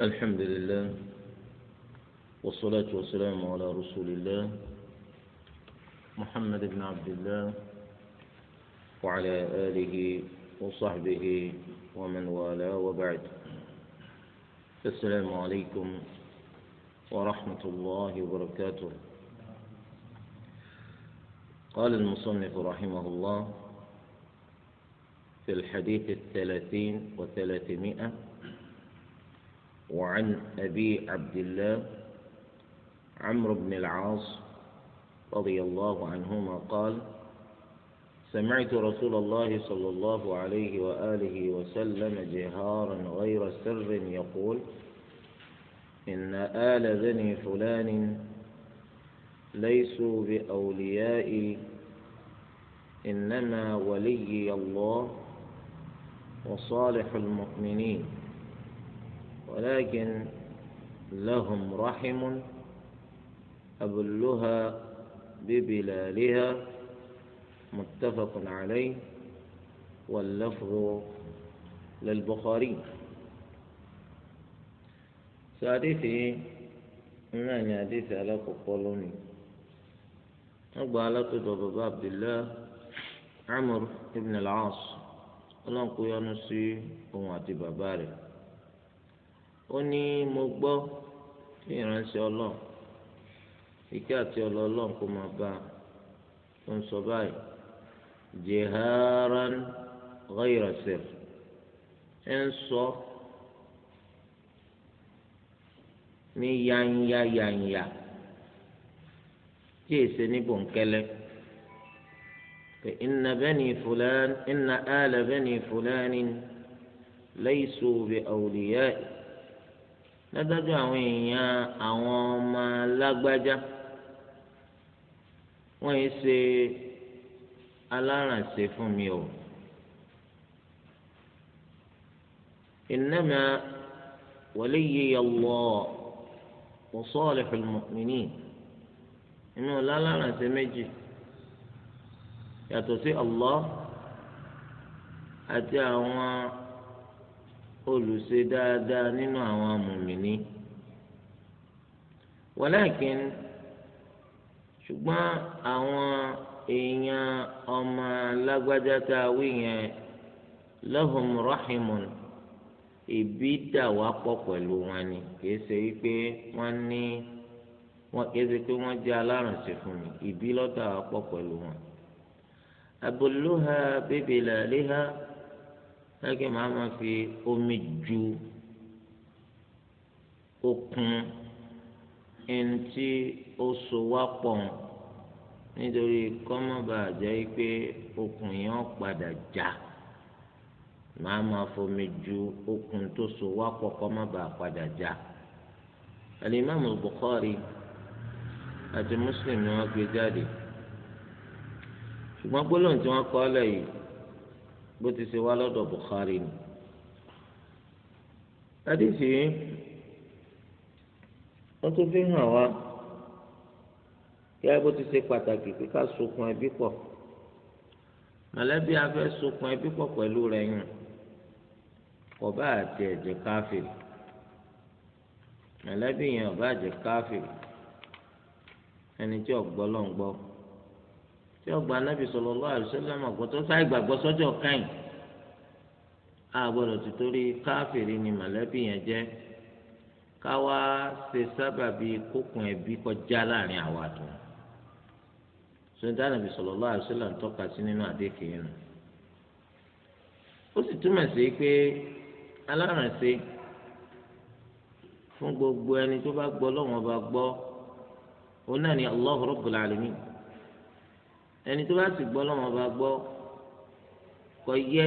الحمد لله والصلاة والسلام على رسول الله محمد بن عبد الله وعلى آله وصحبه ومن والاه وبعد السلام عليكم ورحمة الله وبركاته قال المصنف رحمه الله في الحديث الثلاثين وثلاثمائة وعن أبي عبد الله عمرو بن العاص رضي الله عنهما قال سمعت رسول الله صلى الله عليه وآله وسلم جهارا غير سر يقول إن آل بني فلان ليسوا بأوليائي إنما ولي الله وصالح المؤمنين ولكن لهم رحم أبلها ببلالها متفق عليه واللفظ للبخاري سادتي من حديث على قولوني أبو على بابا عبد الله عمر بن العاص ọlọ́nkú yọ́nú sí òun àti ó ní mo gbọ́ kí ìránṣẹ́ ọlọ́run ike àti ọlọ́ọ̀lọ́run kó máa bá a ń sọ báyìí jiharan ghayra sir ẹ ń sọ ní yanya yanya tí èsè ní bòńkẹ́lẹ́ pé inna bani fulan inna ala ládájọ́ àwọn èèyàn àwọn ọmọ alágbájá wọ́n yìí ṣe alárànṣe fún mi o innama waliyya Allah wa salihul mu'minin inú aláràǹṣe méjì yàtọ̀ sí ọlọ́ àti àwọn. olùṣe dáadáa nínú àwọn mùmíní walakin ṣùgbọ́n àwọn èèyàn ọmọ lágbájá tá a wí yẹn lahum rahimun ìbí dà wá pọ̀ pẹ̀lú wọn ni kìí ṣe wípé wọ́n ní wọ́n kìí ṣe pé wọ́n jẹ́ alárùnsẹ̀ fún mi ìbí lọ́dà wá pọ̀ pẹ̀lú wọn. abulluha bibilaliha lẹ́kẹ̀ máa ma fi omi ju okùn ẹni tí ó so wá pọ̀ nítorí kọ́mọ̀bà jẹ́ pé okùn yẹn ó padà já màá ma fomi ju okùn tó so wá pọ̀ kọ́mọ̀bà padà já. Al-Imam Bukhari àti Muslim ni wọ́n gbé jáde ṣùgbọ́n gbólóhùn tí wọ́n kọ́ lẹ́yìn bó ti ṣe wá lọ́dọ̀ Bukhari ni àdìsí wọ́n tún fi hàn wá yẹ bó ti ṣe pàtàkì pé ká sokùn ẹbí pọ̀ mọ̀lẹ́bí afẹ́ sokùn ẹbí pọ̀ pẹ̀lú rẹ̀ yàn ọba àti ẹ̀jẹ̀ káfíìrì mọ̀lẹ́bí yẹn ọba àjẹ́ káfíìrì ẹni tí ọ̀gbọ́lọ́ ń gbọ́ tí ọgbà anábì sallallahu alaihi wasallam àgbọtọ sáì gbàgbọ́ sọjọ káyìn àgbọ́dọ̀ ti torí káfíìrì ni mọ̀lẹ́bí yẹn jẹ́ káwa ṣe sábàbí kókun ẹbí kọjá láàrin àwa tó sọdá nàbì sallallahu alaihi wasallam ń tọ́ka sí nínú àdékè yẹn nù ó sì túmọ̀ sí pé alárànṣe fún gbogbo ẹni tó bá gbọ́ lọ́wọ́n bá gbọ́ ó náà ní Allahu Rabbul Alamin. ẹni tó bá sì gbọ́ lọ́wọ́ bá gbọ́ kò yẹ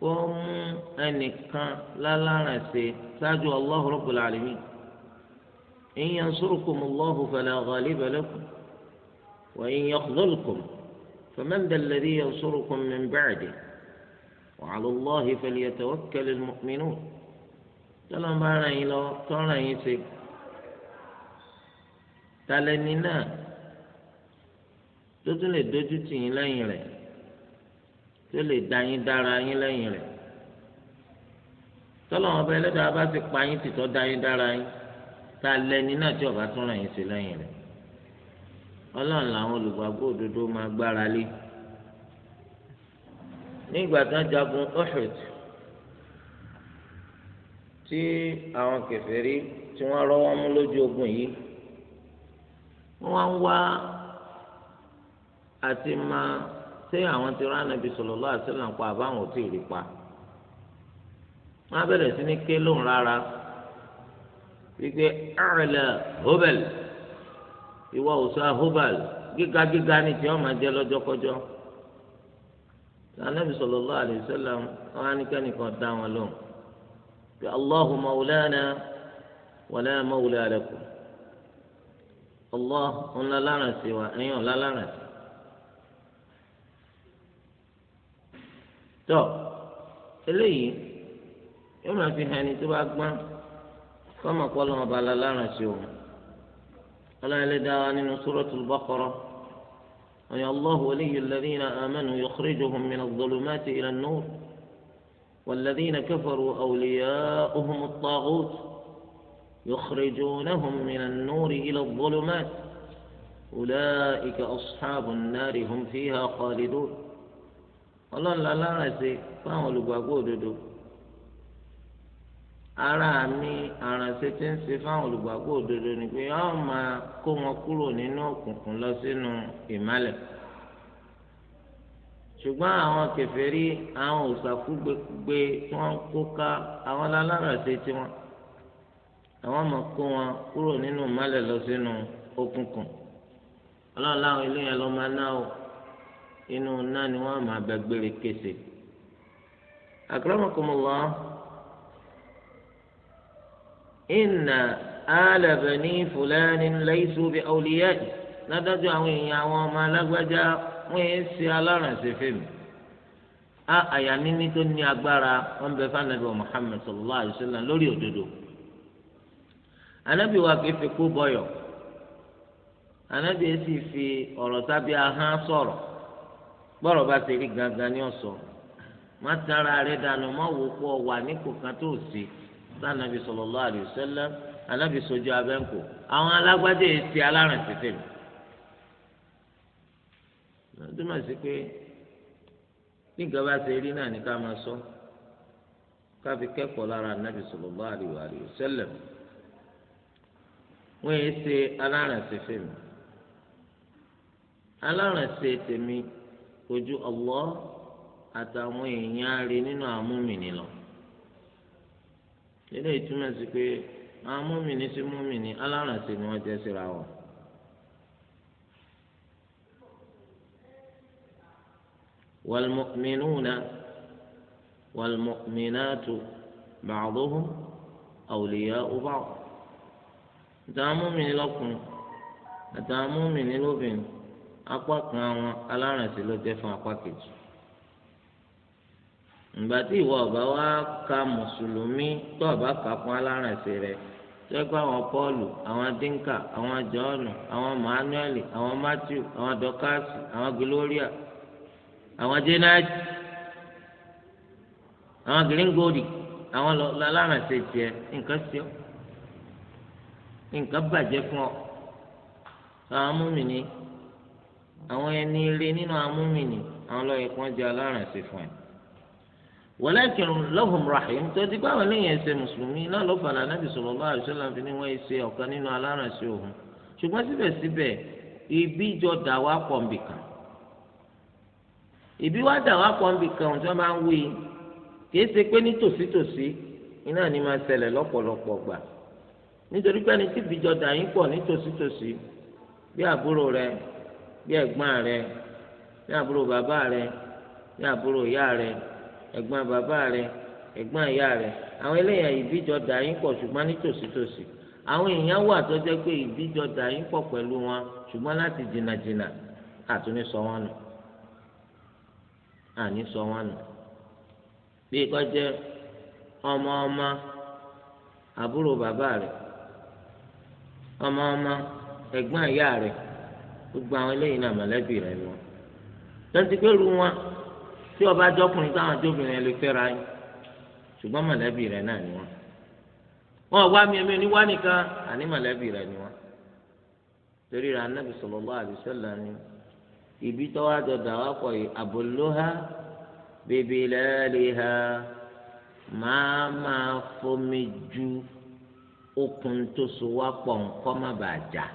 kó mú ẹnìkan lálàrin ṣe ṣáájú Allahu Rabbul Alamin in yansurkumullahu fala ghaliba lakum wa in yakhdhulkum faman dha alladhi yansurukum min ba'dihi wa 'ala Allahi falyatawakkalil mu'minun tọ́lọ́n bá ràn yín lọ tọ́ràn yín ṣe talẹ́ni náà. tó tún lè dójú tì yín lẹ́yìn rẹ̀ tó lè dá yín dára yín lẹ́yìn rẹ̀ tọ́lọ́wọ́n ọba ẹlẹ́dàá bá ti pa yín tìtọ́ dá yín dára yín tá a lẹ́ni náà tí ọba tún ràn yín sí lẹ́yìn rẹ̀ ọlọ́run làwọn olùgbàgbọ́ òdodo máa gbára lé nígbà tí wọ́n jagun Uhud tí àwọn kèfèrí tí wọ́n rọ́wọ́ mú lójú ogun yìí wọ́n wá. àti máa ṣé àwọn ti rán anabi sallallahu alaihi wasallam pa àbáwọn ò rí pa wọn á bẹ̀rẹ̀ sí ní ké lóhùn rárá wípé ẹ̀rẹ̀lẹ̀ hobel ìwọ òòṣà hobel gíga gíga ni tí wọn máa jẹ wọn á ní dá wọn wa ẹ̀yìn ọ̀la tọ eléyìí yóò máa fi hàn ẹni tó bá gbọ́n kọ́mọ̀ kọ́ lọ́wọ́ bala láràn sí òun ọlọ́run ẹlẹ́dàá nínú suratul Baqara ọ̀yàn allahu waliyu alladhina amanu yukhrijuhum min adh-dhulumati ila an-nur والذين كفروا أولياؤهم الطاغوت يخرجونهم من النور إلى الظلمات أولئك أصحاب النار هم فيها خالدون ọlọ́run lálára ṣe fáwọn olùgbàgbọ́ òdodo ara mi àrànṣe tí ń ṣe fáwọn olùgbàgbọ́ òdodo ni pé ó máa kó wọn kúrò nínú òkùnkùn lọ sínú ìmálẹ̀ ṣùgbọ́n àwọn kèfèrí àwọn òṣàkúgbègbè tí wọ́n kó ká àwọn lálára ṣe tiwọn àwọn máa kó wọn kúrò nínú ìmálẹ̀ lọ sínú òkùnkùn ọlọ́run láwọn ilé yẹn lọ́ máa ná o. inú náà ni wọ́n máa bẹ gbére kése akramakumullah inna ala bani fulanin laysu bi awliya'i àwọn èèyàn àwọn ọmọ alágbájá wọ́n yẹn ṣe alárànṣẹ́ fèmí a àyà níní tó ní agbára wọn bẹ fànàbí wa Muhammad sallallahu alayhi wa sallam lórí òdodo anabi fi kú bọyọ anabi yẹn sì fi gbọ́rọ̀ bá ṣe rí gangan ní ọ̀sọ̀ má tara rẹ dànù má wò pọ̀ wà nípò kan tó ṣe sànàbì sallallahu alaihi wasallam ànábì sojú abẹ́ǹkò àwọn alágbádé ti alárùn ti tèmi. lọ́dúnmọ̀ sí pé bí nǹkan bá ṣe rí náà ní ká máa sọ ká fi kẹ́kọ̀ọ́ lára ànábì sallallahu alaihi wọ́n yé ṣe alárùn ti tèmi alárùn ti tèmi kojú Allah àtàwọn èèyàn rí nínú àmúmìnì lọ nínú ìtumọ̀ sí pé àmúmìnì sí múmìnì alárànṣe ni wọ́n jẹ́ síra wọn. والمؤمنون والمؤمنات بعضهم أولياء بعض àtàwọn múmìnì لكم. àtàwọn múmìnì lóbìnrin apá kan àwọn alárànṣe ló jẹ́ fún apá kejì ìgbà tí ìwọ ka mùsùlùmí tó ọba kà fún alárànṣe rẹ sẹ́gbẹ́ àwọn pọ́ọ̀lù àwọn dínkà àwọn jọ́ọ̀nù àwọn manuel àwọn matthew àwọn dọ́kásì àwọn gloria àwọn jẹ́náàjì àwọn gíríngòdì àwọn lọ́lárànṣe tiẹ̀ nǹkan sí ọ nǹkan bàjẹ fún ọ àwọn múmi ni àwọn ẹni rí nínú amúmìnì àwọn lọ́yẹ̀ kan jẹ́ aláràn sí fún ẹ. walakin lahum rahim tó ti báwọn lẹ́yìn ẹsẹ̀ mùsùlùmí náà ló fàlà nábì sallallahu alaihi wasallam fi ní wọ́n yìí ṣe ọ̀kan nínú aláràn sí òun ṣùgbọ́n síbẹ̀síbẹ̀ ibi jọ dà wá pọ̀ nbìkan ìbí wá dà wá pọ̀ nbìkan tí wọ́n máa ń wí kìí ṣe pé ní tòsítòsí iná ni máa ṣẹlẹ̀ lọ́pọ̀lọpọ̀ gbà nítorí pé ẹni tí ìbíjọ dà yín pọ̀ ní tòsítòsí bí àbúrò rẹ̀ bí ẹ̀gbọ́n rẹ bí àbúrò bàbá rẹ bí àbúrò ìyá rẹ ẹ̀gbọ́n bàbá rẹ ẹ̀gbọ́n ìyá rẹ àwọn eléyàn ìbíjọ dà yín pọ̀ ṣùgbọ́n àwọn èèyàn wà tó jẹ́ pé ìbíjọ dà pọ pọ̀ wọn ṣùgbọ́n láti jìnnàjìnnà àtúní sọ wọn nù àní sọ wọn nù bí kò jẹ́ ọmọ ọmọ àbúrò bàbá gbogbo àwọn eléyìí náà mọ̀lẹ́bí rẹ̀ ni wọn. lọ́sí pé ru wọn tí ọba jọkùnrin táwọn jóbìnrin lè fẹ́ra yín ṣùgbọ́n mọ̀lẹ́bí rẹ̀ náà ni wọn. wọn wá mi èmi oníwá nìkan àní mọ̀lẹ́bí rẹ̀ ni wọn. torí ra anábì sallallahu alaihi wasallam ni ibi tó wá jọ pọ̀ yìí àbòlóhà bèbè lẹ́ẹ̀lẹ́hà máa máa fomi ju okùn tó so wá pọ̀ nǹkan má bàa jà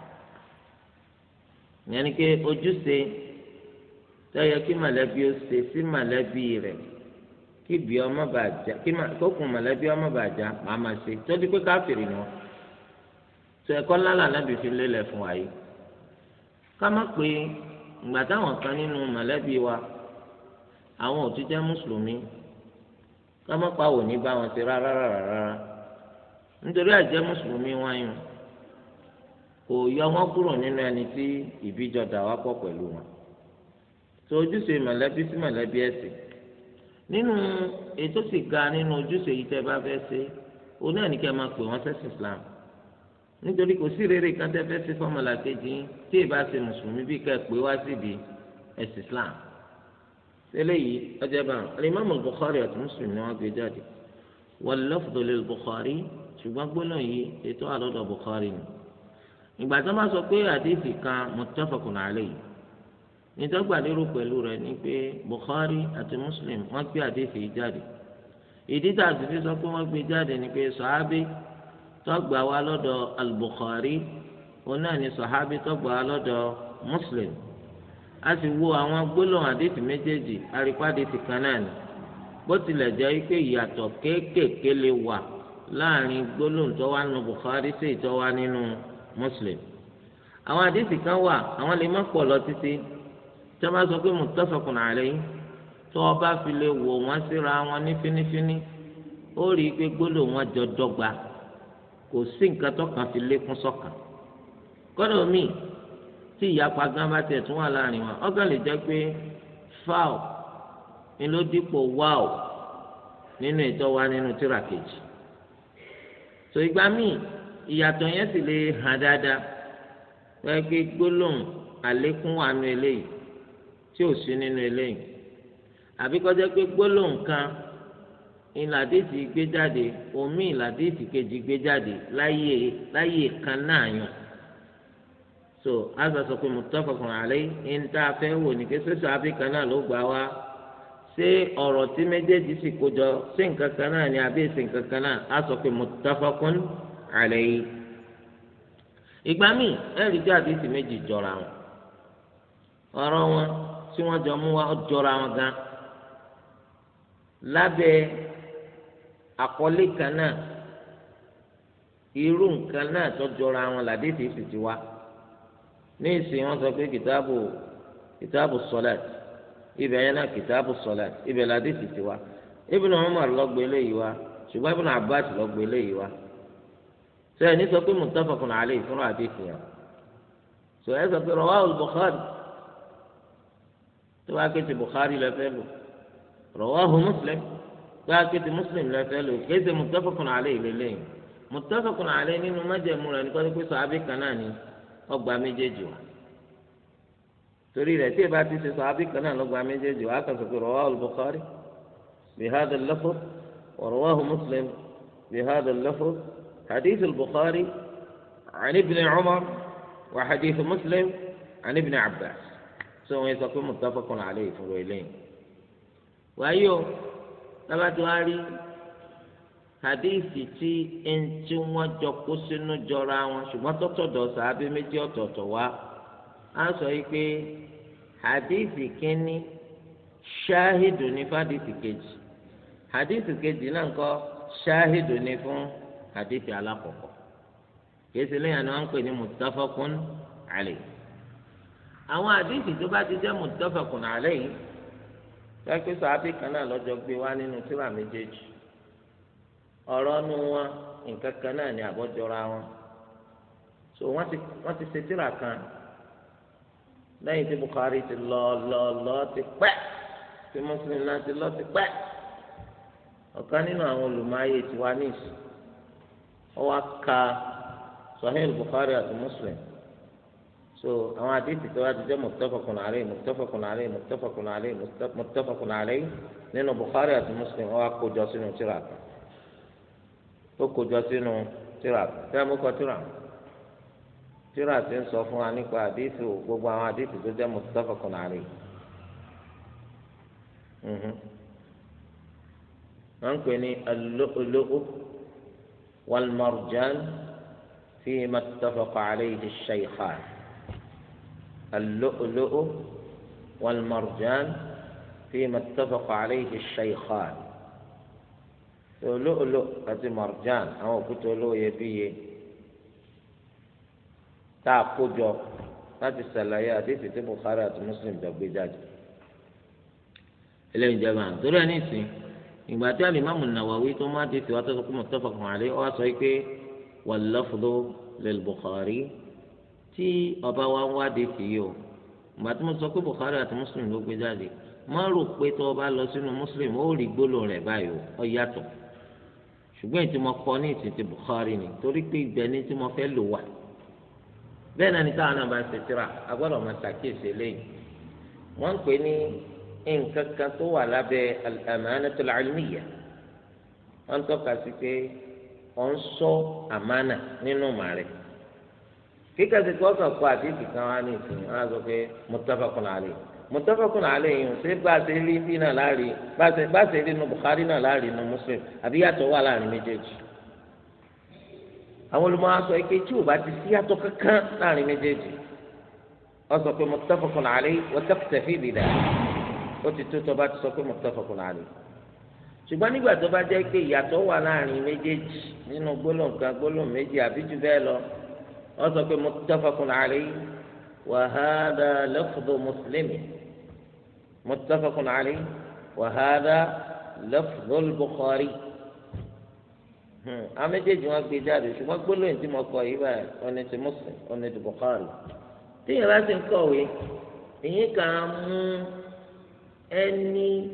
ìyẹn ni pé ojúṣe tó yẹ kí mọ̀lẹ́bí ó ṣe sí mọ̀lẹ́bí rẹ̀ kí bí ọmọ bàjá kí kókùn mọ̀lẹ́bí ọmọ bàjá màá máa ṣe tó di pé káfìrì ni wọn tó ẹ̀kọ́ ńlá làlábì fi lélẹ̀ fún wa yìí ká má pé ìgbà táwọn kan nínú mọ̀lẹ́bí wa àwọn ò ti jẹ́ mùsùlùmí ká má pa òní bá wọn ṣe rárá rárá rárá nítorí àìjẹ́ mùsùlùmí wáyùn kò yọ wọn kúrò nínú ẹni tí ìbíjọ dà wá pọ̀ pẹ̀lú wọn tó ojúṣe mọ̀lẹ́bí sí mọ̀lẹ́bí ẹ̀sìn nínú ètò sì ga nínú ojúṣe yìí tẹ́ bá fẹ́ ṣe òun náà ní kí ẹ máa pè wọ́n sẹ́sìn Islam nítorí kò sí rere kan tẹ́ fẹ́ ṣe fọ́mọ̀lá kejì tí ìbá ṣe mùsùlùmí bí ká pè wá síbi ẹ̀sìn Islam eléyìí ọjọ́ bá alimami Bukhari àti Muslim ni wọ́n gbé jáde wal lafdhu lil Bukhari ṣùgbọ́n gbólóhùn yìí ètò àlọ́dọ̀ Bukhari ni ìgbà tó máa sọ pé àdéhìí kan muttafaqun alayhi nítọ́gbà lérò pẹ̀lú rẹ̀ ni pé Bukhari àti Muslim wọ́n gbé àdéhìí jáde ìdí tá a sì fi sọ pé wọ́n gbé jáde ni pé sàábì tọ́gbà wa lọ́dọ̀ al-Bukhari òun náà ni sàábì tọ́gbà wa lọ́dọ̀ Muslim a sì wo àwọn gbólóhùn àdéhìí méjèèjì àríkọ́ kan náà ni bó tilẹ̀ jẹ́ pé ìyàtọ̀ kéékèèké lè wà láàrin gbólóhùn tó wà nínú Bukhari sí ìtọ́wá nínú Muslim àwọn àdìsí kan wà àwọn lè má pọ̀ lọ títí tí wọ́n bá sọ pé muttafaqun alayhi tó o bá fi lè wò wọ́n síra wọn ní fínífíní ó rí i pé gbólò wọn jọ dọ́gba kò sí nǹkan tọkàn fi lékún sọ́kàn kọ́dọ̀ mi tí ìyapa gan bá tiẹ̀ tún wà láàrin wọn ọ̀gàn lè jẹ́ pé fáwọ̀ ni ló dípò wáwọ̀ nínú ìtọ́wá nínú tíra kejì tó ìgbà míì ìyàtọ̀ yẹn sì lè hàn dáadáa wọ́n gbé gbólóhùn àlékún wà nù eléyìí tí ò sí nínú eléyìí àbí kọjá pé gbólóhùn kan ìlàdíìsì gbé jáde omi ìlàdíìsì kejì gbé jáde láyé láyé kan náà yàn so azà sọ pé muttafaqun alayhi ń tá a fẹ́ wò ní kí sẹ́sọ abíkan náà ló gbà wá ṣé ọ̀rọ̀ tí méjèèjì sì kó jọ sí nǹkan kan náà ni àbí èsì nǹkan kan náà á sọ pé muttafaqun alayhi alayhi ìgbà míì ẹ̀rí jẹ́ àdìsí méjì jọra wọn ọ̀rọ̀ wọn tí wọ́n jọ mú wa jọra wọn gan lábẹ́ àkọlé kan náà irú nǹkan náà tó jọra wọn làdìsí sì ti wá ní ìsìn wọn sọ pé kìtáàbù kìtáàbù sọlẹt ibẹ̀ yẹn náà kìtáàbù sọlẹt ibẹ̀ làdìsí ti wá Ibn Umar ló eléyìí wá ṣùgbọ́n Ibn Abbas ló eléyìí wá sọ ẹni sọ pé muttafaqun alayhi fúnra àdéhùn yẹn sọ ẹ sọ pé rawahu bukhari tó bá ké ti bukhari lẹfẹ lò rawahu muslim tó bá ké ti muslim lò kìí ṣe muttafaqun alayhi lélẹyìn muttafaqun alayhi nínú májẹmú rẹ nípa pé sàábì kan náà ni ọgbà méjèèjì wà torí rẹ tí ìbá ti ṣe sàábì kan náà lọgbà méjèèjì wà á sọ pé rawahu bukhari bihadha al-lafz wa rawahu muslim bihadha حديث البخاري عن ابن عمر وحديث مسلم عن ابن عباس سوى يتكون متفق عليه فرويلين وأيوه لما تواري hadithi tí eŋti wọn jọ kó sínú jọra wọn ṣùgbọ́n tọ́tọ̀dọ̀ sàábé méjì ọ̀tọ̀ọ̀tọ̀ wá á sọ yìí pé hadithi kínní ṣáhídù ní fún hadithi kejì hadithi kejì náà ń kọ́ ṣáhídù ní fún hadithi alakọkọ kìí lẹ́yìn àná ń pè ní muttafaqun alayhi àwọn hadithi tó bá ti jẹ́ muttafaqun alayhi pẹ́ẹ́pẹ́ sàábì kan náà lọ́jọ́ gbé wá nínú tírà méjèèjì ọ̀rọ̀ nu wọn nǹkan kan náà ní àbọ̀jọra wọn so wọ́n ti wọ́n ti ṣe tírà kan lẹ́yìn tí Bukhari ti lọ lọ lọ ti pẹ́ tí Muslim náà ti lọ ti pẹ́ ọ̀kan nínú àwọn olùmọ̀ ayé tiwa ní ìsìn ọwọ́ aka sahih bukhari àti muslim so àwọn àdìsí tó wá ti jẹ́ muttafaqun alayhi muttafaqun alayhi muttafaqun alayhi muttafaqun alayhi nínú bukhari àti muslim ọwọ́ akójọ sínú tíra kan ó kójọ sínú tíra kan tíra mú kọ tíra tíra ti ń sọ fún wa nípa àdìsí gbogbo àwọn àdìsí tó jẹ́ muttafaqun alayhi mhm. wọ́n ń pè ní al والمرجان فيما اتفق عليه الشيخان اللؤلؤ والمرجان فيما اتفق عليه الشيخان لؤلؤ هذه مرجان أو كتلو يبيه تعقجه هذه ṣàlàyé àdéhùn tí Bukhari àti Muslim dọ̀gbé jáde. eléyìí jẹ́ báyìí torí ìgbà tí alimami Nawawi tó má di tiwa tó sọ pé muttafaqun alayhi ọ wá sọ pé wal lafdhu lil Bukhari tí ọba wa ń wádìí fi yìí o ìgbà tí mo sọ pé Bukhari àti Muslim ló gbé jáde má rò pé tó o bá lọ sínú Muslim ó rí gbólóhùn rẹ̀ báyìí o yàtọ̀ ṣùgbọ́n ètò mo kọ ní ìsìn ti ni torí pé ibẹ̀ ni tí mo fẹ́ lò wà bẹ́ẹ̀ náà ni táwọn náà bá ń ṣe tíra agbọ́dọ̀ máa ṣàkíyèsí eléyìí wọ́n ń pè ní nǹkan kan tó wà lábẹ́ al-amanatul ilmiyya wọ́n tọ́ka sí pé wọ́n sọ àmánà nínú màrẹ́ kíkà sí pé ọkàn kọ àdéhùn kan wá ní ìsìn wọn á sọ pé muttafaqun alayhi muttafaqun alayhi yìí ṣé bá a ṣe rí bí náà láàrin bá a ṣe rí nu Bukhari náà láàrin nu Muslim àbí yàtọ̀ wà láàrin méjèèjì àwọn olùmọ̀ aṣọ ike tí o bá ti sí yàtọ̀ kankan láàrin méjèèjì wọ́n sọ pé muttafaqun alayhi wa taqtafi bidhalik ó ti tó tó bá ti sọ pé muttafaqun alayh ṣùgbọ́n nígbà tó bá jẹ́ pé ìyàtọ̀ wà láàrin méjèèjì nínú gbólóhùn kan gbólóhùn méjì àbí jù bẹ́ẹ̀ lọ wọ́n sọ pé muttafaqun alayh wa hadha lafdhu Muslim muttafaqun alayh wa hadha lafdhu al-Bukhari hmm, àwọn méjèèjì wọn gbé jáde ṣùgbọ́n gbólóhùn tí mo kọ yìí báyìí ọ̀nà ti Muslim ọ̀nà ti Bukhari ẹni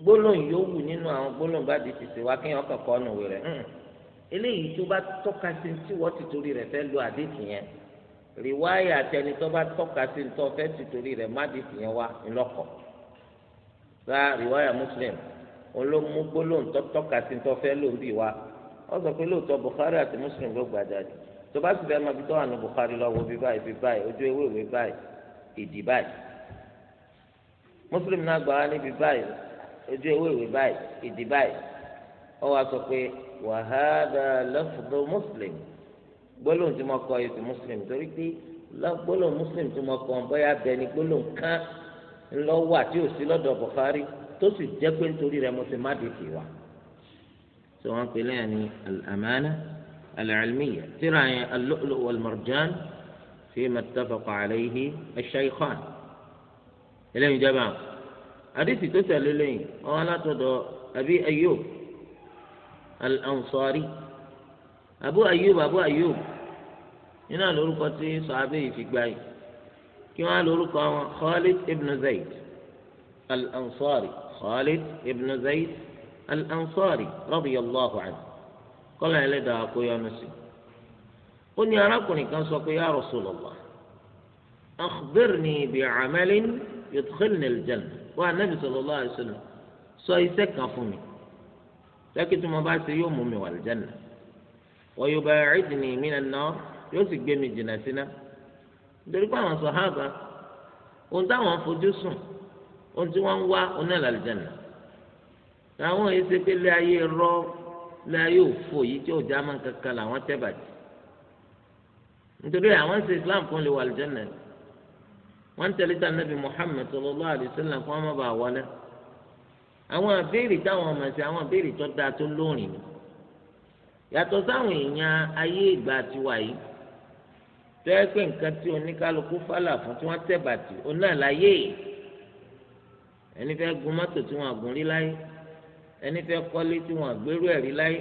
gbólóhùn yòówù nínú àwọn gbólóhùn bá di tètè wá kéèyàn kọ̀ọ̀kan nù rẹ̀ hmm. eléyìí tó bá tọ́ka sí tí wọ́n ti torí rẹ̀ fẹ́ lo àdéhùn yẹn rìwáyà àtẹni tó bá tọ́ka sí tó fẹ́ ti torí rẹ̀ má di tìyẹn wá ńlọ́kọ̀ gba rìwáyà Muslim olómú gbólóhùn tó tọ́ka sí tó fẹ́ lò ń bì wá ó sọ pé lóòótọ́ Bukhari àti Muslim ló gbàjà dì tó bá sì fẹ́ máa fi tọ́wọ́ àná Bukhari lọ́wọ́ bí báyìí ojú ewé ìwé báyìí ìdí báyìí muslim náà gbà wá níbi báyìí ojú ewé ìwé báyìí ìdí báyìí ó wàá sọ pé wàhálà lafdhu muslim gbólóhùn tí mo kọ ètò muslim torí pé gbólóhùn muslim tí mo kọ bóyá bẹ ni gbólóhùn kan ńlọ wà tí ò sí lọ́dọ̀ Bukhari tó sì jẹ́ pé nítorí rẹ̀ mo ti má dìkì wá. sọ wọn pe lẹ́yìn ní amana al tíra yẹn al fi ma ittafaqa alayhi ash-shaykhan eléyìí jẹba àdìsí tó tẹ̀lé lẹ́yìn ọwọ́ alátọ̀dọ̀ àbí ayub al-ansari abu ayub abu ayub nínú àlórúkọ tí sàábé yìí fi gbà yìí kí wọ́n á lórúkọ wọn khalid ibn zayd al-ansari khalid ibn zayd al-ansari radiyallahu anhu kọ́lá ẹlẹ́dàá kó yọnu sí ó ní arákùnrin kan sọ pé ya rasulallah akhbirni bi amalin yudkhilni al-jannah wa anabi sallallahu alayhi wa sallam sọ iṣẹ́ kan fún mi lẹ́kì tí mo bá ṣe yóò mú mi wà al-jannah wa yubaa'idni min an-nar yóò sì gbé mi jìnnà síná nítorí pé àwọn sàhábà ohun táwọn fojú sùn ohun tí wọ́n ń wá oní al-jannah àwọn èsì pé lé ayé rọ lé ayé òfò yìí tí òjá máa ń kankan làwọn tẹ́ bàjẹ́ nítorí wọ́n ń tẹ̀lé ta nàbì Muhammad sallallahu alaihi wasallam kó wọ́n má bàa wọlé àwọn àbẹ́rẹ́ táwọn ọmọ ẹ̀sìn àwọn àbẹ́rẹ́ tó dáa tó lóòrìn ni yàtọ̀ sáwọn èèyàn ayé ìgbà tiwa yìí tó yẹ pé nǹkan tí oníkálukú fálà fún tí wọ́n tẹ̀bà tì ó náà láyé ẹni fẹ́ gun mọ́tò tí wọ́n àgùn rí láyé ẹni fẹ́ kọ́lé tí wọ́n àgbérú ẹ̀ rí láyé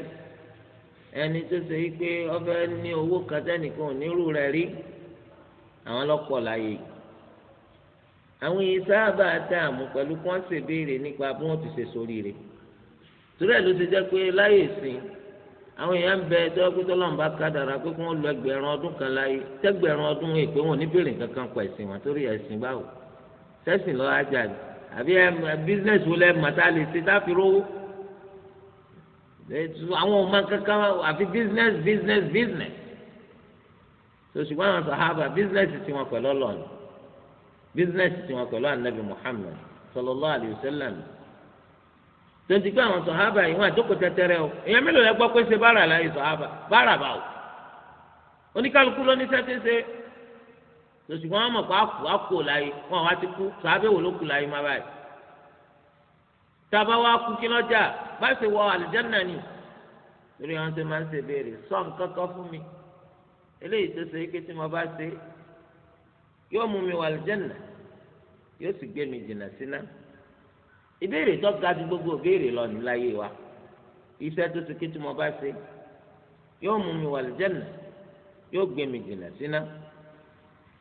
ẹni tó ṣe wípé ó fẹ́ ní owó kan tẹ́nìkan ò nírú rẹ̀ rí àwọn lọ́pọ̀ láyé yìí àwọn èyí sábà dààmú pẹ̀lú kí wọ́n ṣèbéèrè nípa bí wọ́n ti ṣe sóríire torí ẹ̀ ló ti jẹ́ pé láyè sí àwọn èèyàn ń bẹ ẹjọ́ pé tọ́lọ́mù bá kádàrá pé kí wọ́n lọ ẹgbẹ̀rún ọdún kan láyé tẹ́gbẹ̀rún ọdún yìí pé wọ́n ní béèrè kankan pa ẹ̀sìn wọn torí ẹ̀sìn báwo sẹ́sìn lọ́wọ́ ajá ni àbí bísíǹnẹ̀sì wo lẹ́ẹ̀ mọ̀tá lè ṣe táfi rówó àwọn ọmọ kankan àfi bísíǹnẹ̀sì bísíǹnẹ̀sì bísíǹnẹ̀sì tó ṣùgbọ́n àwọn sàhábà bísíǹnẹ̀sì tiwọn pẹ̀lú ọlọ́ọ̀ni bísínẹ́sì tiwọn pẹ̀lú anabi muhammed sallallahu alayhi wa sallam tonti pé àwọn sọ̀hábà yìí wọ́n àjókòó tẹ́tẹ́rẹ́ o èèyàn mélòó lẹ gbọ́ pé ṣe bára láyé sọ̀hábà bára bá o oníkálukú ló ní sẹ́tẹ́ ṣe wọn mọ̀ pé àkú àkú láyé wọn àwa ti kú sàábẹ̀ wò ló kú láyé má báyìí tába wa kú kí lọ́jà wọ àlùjánnà ni torí àwọn tó máa ń ṣe béèrè sọ́ọ̀n kankan fún mi eléyìí tó ṣe é pé tí mo bá ṣe é yóò mú mi wà lìjẹ́nà yóò sì gbé mi jìnnà síná ìbéèrè tó ga ju gbogbo ìbéèrè lọ ní láyé wa iṣẹ́ tó ti kí tí mo bá ṣe yóò mú mi wà lìjẹ́nà yóò gbé mi jìnnà síná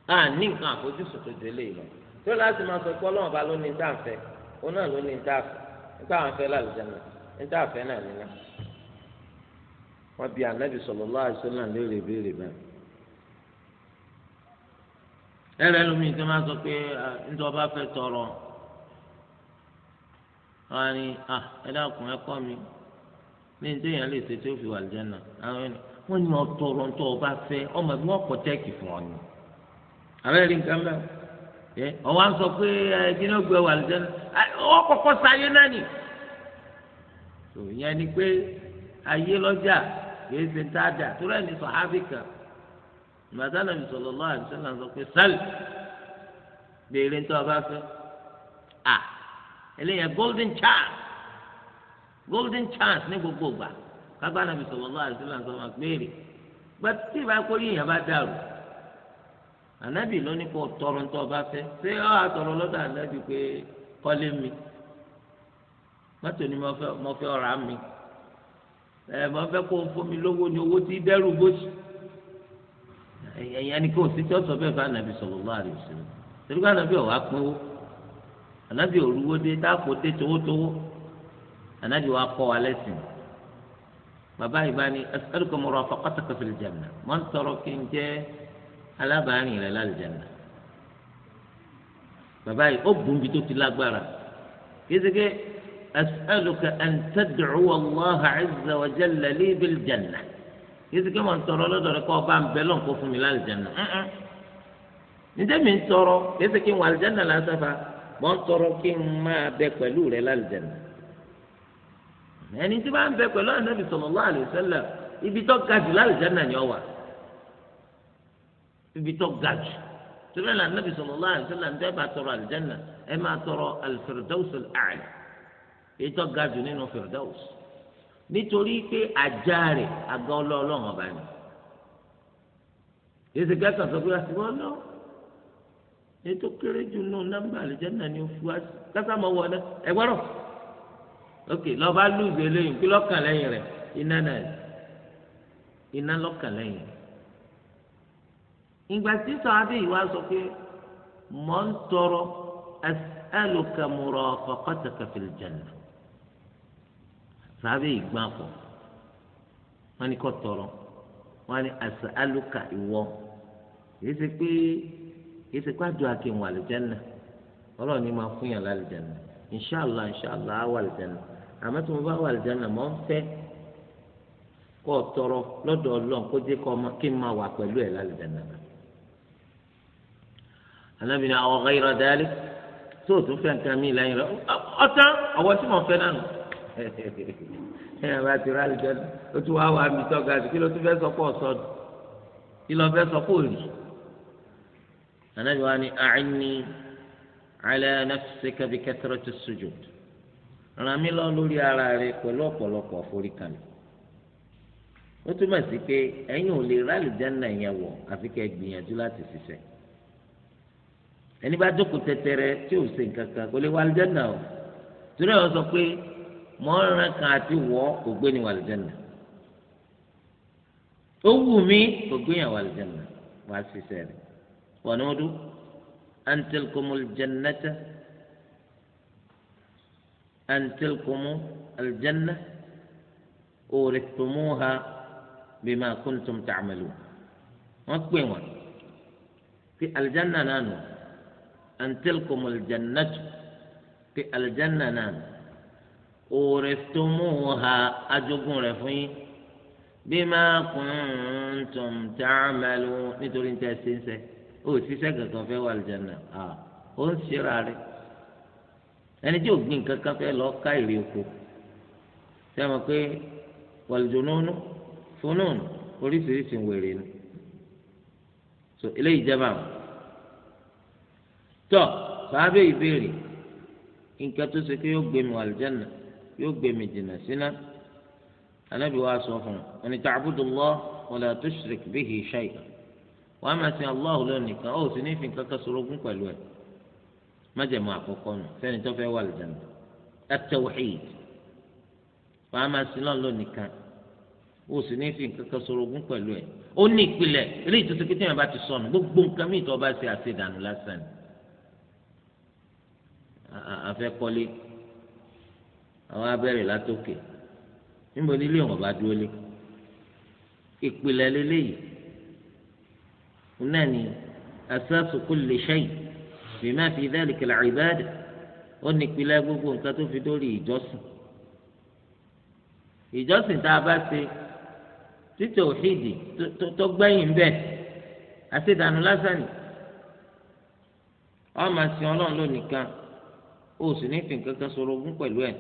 a ní nǹkan àfojúsùn tó délé lọ tó láti máa sọ pé ọlọ́run bá ló ní tá à ń fẹ́ òun náà ló ní tá à fẹ́ níta à fẹ́ lálùjẹ́nà níta à náà nínú wọn bí anabi sallallahu alaihi wasallam léèrè béèrè báyìí ẹrẹ lómi tí wọn sọ pé nítorí wọn bá fẹ́ tọrọ wọn ni à ẹ dákun ẹ kọ́ mi ní ní téèyàn lè ṣe tí ó fi wà lìjẹ náà àwọn ẹni wọn ni wọn tọrọ nítorí bá fẹ́ ọmọ ẹbí wọn kọ tẹẹkì fún ọ ni àbẹ rí nǹkan bẹ ẹ ọwọ sọ pé ẹ kí ni ó wà lìjẹ náà ọ kọ́kọ́ sáyé náà ni ìyẹn ni pé ayé lọ́jà kì í ṣe tá a dà tó rẹ̀ ní sọ̀hábì kan. ìgbàdá nàbì sallallahu alaihi wasallam sọ pé sẹ́lì béèrè nítorí ọba fẹ́ à golden chance golden chance ní gbogbo ìgbà kábà nàbì sallallahu alaihi wasallam sọ ma béèrè gbàtí tí ìbá kórè èèyàn bá dàrú ànábì ló ní kó tọrọ nítorí fẹ́ ṣé ọ àtọrọ lọ́dọ̀ ànábì pé kọ́lé mi mọ́tò ni mo fẹ́ ọ̀rá mi ẹ̀ fẹ́ kó fún ni owó ti dẹ́rù ẹni kò sí tí ó sọ bẹ́ẹ̀ fún anabi sallallahu alaihi wasallam torí ká anabi ọ̀wá pínwó anabi òruwó dé dáàpọ̀ dé towótowó anabi wa kọ́ wa lẹ́sìn bàbá yìí bá ní as'aluka murafaqataka fil janna mọ́ ń tọrọ kí n jẹ́ alábàárìn rẹ̀ lálùjánnà bàbá yìí ó bùn bí tó ti lágbára kézeke as'aluka an tad'u Allah azza wa jalla li bil janna yéésì kí wọn tọrọ lọ́dọ̀ rẹ kọ ọba ń bẹ lọǹkó fún mi lálìjẹnà ǹjẹ́ mi ń tọrọ yéésì kí wọn àlìjẹnà lásàfà mọ ń tọrọ kí n máa bẹ pẹ̀lú rẹ lálìjẹnà ẹni tí bá ń bẹ pẹ̀lú ànábì sallallahu alaihi wasallam ibi tó ga jù lálìjẹnà ni ọ wà ibi tó ga jù torí ẹ̀la ànábì sallallahu alaihi wasallam ń tẹ́ bá tọrọ àlìjẹnà ẹ máa tọrọ al-firdaus al tó ga jù nínú firdaus nítorí pé ajá rẹ̀ àga ọlọ́ọ̀lọ́hàn bá ní. èsì gàtà sọ pé àti wọn lọ ètò kéré jù náà nọ́mbà àlùjáná ni ó fún wa kásá máa wọ ọdẹ ẹgbẹ́rọ̀ ok lọ́ba lùzẹ̀ lẹ́yìn kí lọ́kàn lẹ́yìn rẹ̀ iná náà iná lọ́kàn lẹ́yìn ìgbà tí sọ abẹ́ ìwà sọ pé mò ń tọrọ as'aluka murafaqataka fil janna sàbẹ̀ ìgbà pọ̀ wọ́n ní kọ́ tọrọ wọ́n ní àṣà alùkà ìwọ kìí ṣe pé kìí ṣe pé àjọ akéwìn àlùjánnà ọlọ́run ní máa fún yàn lálùjánnà inṣàlá inṣàlá á wà àlùjánnà àmọ́ tí mo bá wà àlùjánnà mọ́ ń fẹ́ kọ́ tọrọ lọ́dọ̀ ọlọ́run kó dé kí n máa wà pẹ̀lú ẹ̀ lálùjánnà anábìnrin àwọn ọ̀gá ìrọ̀dálẹ́ tó o tún fẹ́ nǹkan mi lẹ́yìn rẹ̀ ọ̀tán ọ̀wọ́ tí mo fẹ́ náà ẹ̀yìn bá ti rà lùjọ́ ó tún wá wà mí tọ́ga sí kí ló tún fẹ́ sọ pọ̀ sọ́dù kí ló fẹ́ sọ pọ̀ rí. ànábi wa ni àìní ala nafsika bi kathrati sujud ràn mí lọ lórí ara rẹ pẹ̀lú ọ̀pọ̀lọpọ̀ forí kan mi ó túmọ̀ sí pé ẹ̀yin ò lè rà lùjọ́ náà yẹn wọ̀ àfi kẹ́ gbìyànjú láti ṣiṣẹ́ ẹni bá jókòó tẹtẹrẹ tí ò ṣe nǹkan kan kò lè wà lùjọ́ náà o torí àwọn sọ pé mọ́ràn kan àti wọ́ kò gbé ní wàlìjẹ́nà ó wù mí kò gbé yàn wàlìjẹ́nà wàá ṣiṣẹ́ rẹ̀ wọnú ọdún antilkumul jannata antilkumul aljanna òrìtùmùhà bima kuntum ta'malun wọ́n pè wọ́n fi aljanna náà nù antilkumul jannatu fi aljanna náà nù. òrèstomóha ajogún rẹ̀ fún yín bima kuntum ta'malun nítorí níta ẹsẹ̀ ń sẹ́ ó ṣiṣẹ́ kankan fẹ́ wà lìjànà ó ń ṣera rẹ̀ ẹni tí ògbìn kankan fẹ́ lọ ká ìrè oko sẹ́wọ̀n pé wàlùjọ́nùnú fúnùn oríṣiríṣi wèrè ni so eléyìí jẹba o tọ sàábẹ ìbéèrè nǹkan tó ṣe pé yóò gbé mi wà lìjánà yóò gbé mi jìnnà síná anabi wa sọ fún un ní ta'budullah wa la tushrik bihi shay'a wàá máa sin allah lónìí kan ó sì ní ìfín kankan sorogún pẹ̀lú ẹ̀ májẹ̀mú àkọ́kọ́ nù sẹ́ni tó fẹ́ wà lùdàmù at-tawhid wàá máa sin lọ́n lónìí kan ó sì ní ìfín kankan sorogún pẹ̀lú ẹ̀ ó ní ìpìlẹ̀ eléyìí tó ti kété yẹn bá ti sọnù gbogbo nǹkan míì tó bá ṣe àṣedànù lásán ni àwọn abẹ́rẹ́ látòkè níbo ni ilé wọn bá dúró lé ìpìlẹ̀ lélẹ́yìí náà ni asaasu kulli shay bima fi dhalika al-ibada ó ní ìpìlẹ̀ gbogbo nǹkan tó fi dórí ìjọsìn ìjọsìn tá a bá ṣe títí òhídì tó gbẹ̀yìn bẹ́ẹ̀ àṣedànù lásán ni ọmọ àti ọlọ́run lónìí kan ó sì ní fi nǹkan kan sorogún pẹ̀lú ẹ̀.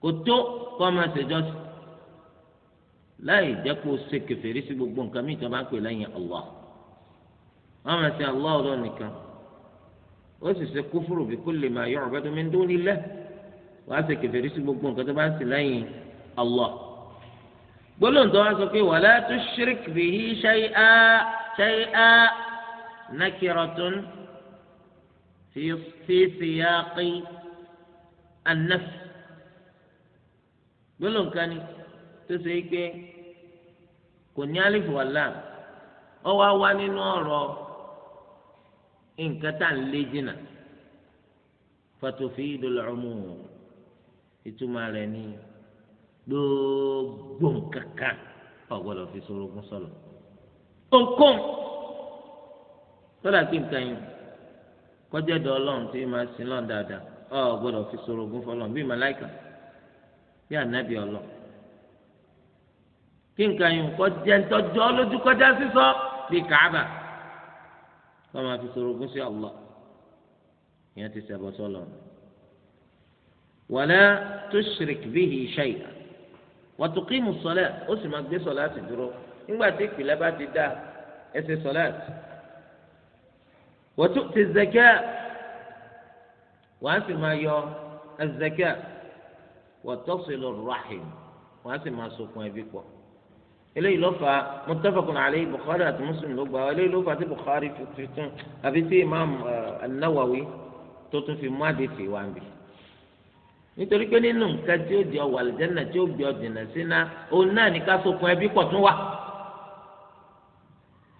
kò tó kọ́ máa ṣèjọ́sìn láì jẹ́ kó o ṣe kèfèrí sí gbogbo nǹkan mí ìjọba ń pè lẹ́yìn Allah wọ́n máa ṣe Allah ọ̀rọ̀ nìkan ó sì ṣe kó fúrò bí kò lè máa kulli ma yu'badu min dunillah wàá ṣe kèfèrí sí gbogbo nǹkan tó bá ń ṣe lẹ́yìn Allah gbólóhùn tó wá sọ pé wala tushrik bihi shay'a shay'a nakiratun fi siyaqi an-nafs. gbólóhùn kan ni tó ṣe é pé kò ní alif wà láàm ọ wá wá nínú ọ̀rọ̀ nǹkan tá à ń lé jìnnà fatofi idolọ́mù ìtumọ̀ rẹ̀ ni gbogbo nǹkan kan ọ̀ gbọ́dọ̀ fi sorogún sọ̀rọ̀ kónkón sọ́dà kí nǹkan yìí kọjá dọ̀ ọlọ́run tí ma sin lọ́n dáadáa ọ̀ fi sorogún fọlọ́n bíi màláìkà bí ànábì ọlọ kí nǹkan yìí kọ́ jẹ́ ńtọ́jọ́ lójú kọjá sísọ bí kàába kọ́ máa fi sọ̀rọ̀ ogún sí ọlọ ìyẹn ti ṣẹbọ sọlọ wala tushrik bihi shay'a wa tuqimu ssalat ó sì máa gbé sọlá ti dúró nígbà tí ìpìlẹ̀ bá ti dá ẹsẹ̀ sọlá wa tu'ti zakat wàá sì máa yọ az-zakat wọ́tọ́sílù rahim wọ́n á sì máa sokun ẹbí pọ̀ eléyìí ló fa muttafaqun alayhi bukhari àti muslim ló gbà eléyìí ló fa tí bukhari tuntun àbí tí imam eh, an-nawawi tó tún fi mú àdìsí wá ń bì nítorí pé nínú nǹkan tí ó di ọwọ́ àlùjánnà tí ó gbé ọdìnà síná òun náà ní ká sokun ẹbí pọ̀ tún wà